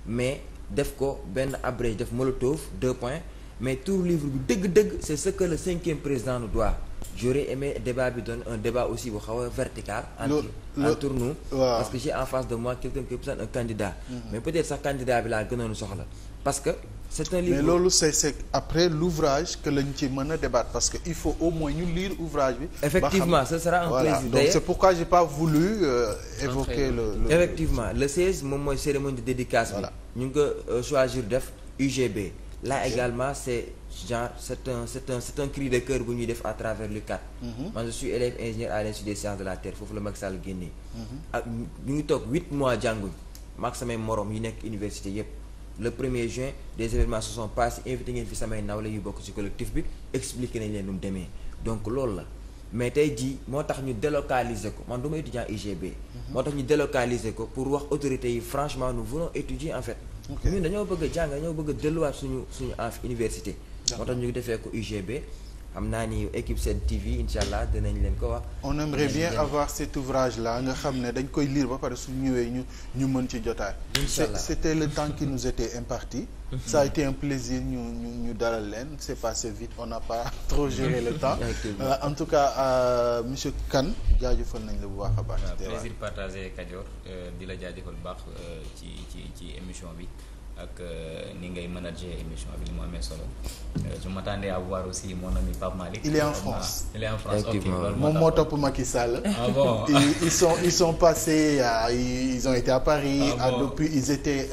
mais def ko benn abrège def molotov deux points mais tout livre bi dëgg-dëgg c'est ce que le cinquième président nous doit j'aurais aimé débat bi doon un débat aussi bu xaw a vertical entre entre nous parce que j'ai en face de moi quelqu'un qui représente un candidat mm-hmm. mais peut-être sax candidat bi laa gënoon soxla parce c'est un loolu c'est c'est après l'ouvrage que lañ ci mën a débattre parce que il faut au moins ñu liir ouvrage bi. effectivement ce sera un voilà. plaisir euh, effectivement le 16 moom mooy cérémonie de dédicace bi. ñu ngi ko euh, choisir def UGB. la également c'est genre c'est un c'est un c'est un cri de cœur bu ñuy def à travers l'UCAD. man mhm. je suis élève à l'Institut des de la terre foofu la Macky Sall génnee. Mhm. ak ah, ñu ngi toog huit mois jànguñ maak samay moroom yi nekk université yépp le premier juin des événements se sont passés invité ngeen fi samay nawle yu bokk ci collectif bi expliqué nañ leen mu demee donc loolu la mais tey jii moo tax ñu délocaliser ko man du ma étudiant UGB. Mhm. moo tax ñu délocaliser ko pour wax autorités yi franchement nous voulons étudier en fait. ñun dañoo bëgg a jàng dañoo bëgg a suñu suñu en université. moo tax ñu defee ko UGB. am naa ni équipe Sen TV incha allah dinañ leen ko wax. on aimerait bien avoir cet ouvrage la nga xam ne dañ koy liir ba pare su ñëwee ñu ñu mën ci jotaay. c'était le temps qui nous était imparti. ça a été un plaisir ñu ñu dalal leen c'est passé vite on n'a pas trop géré le temps. Euh, en tout cas euh, monsieur Kane jaajëfal nañ la bu baax a baax. plaisir partagé Kajoor euh, di la jaajëfal bu baax euh, ci ci ci émission bi. ak euh, ni ngay manager émission bi ni mu amee solo euh, je m'attendais à voir aussi mon ami Pape Malick. il est en France il est en France ok moom moo topp Macky sal ah bon ils son ils sont passés à ils ont été à Paris. ah bon depuis ils étaient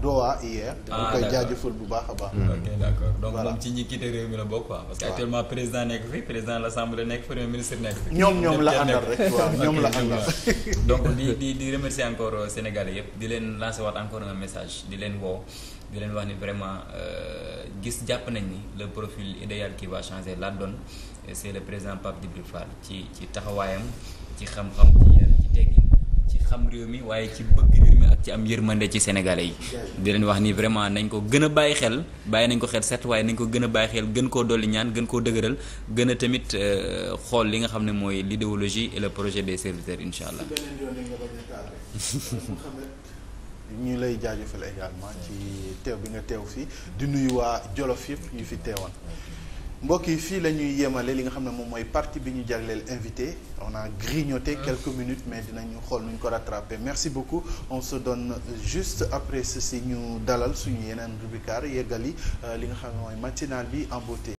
Doha hier. ah koy jaajëfal bu baax a baax. ok d'accord donc moom ci ñi quitté réew mi la bokk quoi. parce que actuellement président nekk fi président l'Assemblée nekk premier ministre nekk fi. ñoom ñoom la àndal rek la àndal. donc di di di remercier encore euh, yëpp di leen lancer waat encore message di leen woo. di leen wax ni vraiment euh, gis jàpp nañ ni le profil idéal qui va changer la donne c'est le président Pape Djibril Fall ci ci taxawaayam ci xam-xam ci teggin ci xam réew mi waaye ci bëgg réew mi ak ci am yërmande ci sénégalais yi di leen wax ni vraiment nañ ko gën a bàyyi xel bàyyi nañ ko xel set waaye nañ ko gën a bàyyi xel gën koo dolli ñaan gën koo dëgëral gën a tamit euh, xool li nga xam ne mooy l'idéologie et le projet des serviteurs incha allah ñu lay jaajëfal également ci teew bi nga teew fii di nuyu waa Jolof yëpp ñu fi teewoon mbokk yi fii la ñuy yemale li nga xam ne moom mooy partie bi ñu jagleel invité on a grignoté quelques minutes mais dinañu xool nu ñu ko rattrapé merci beaucoup on se donne juste après ceci ñu dalal suñu yeneen rubrique yeggali euh, li nga xam ne mooy matinal bi en beauté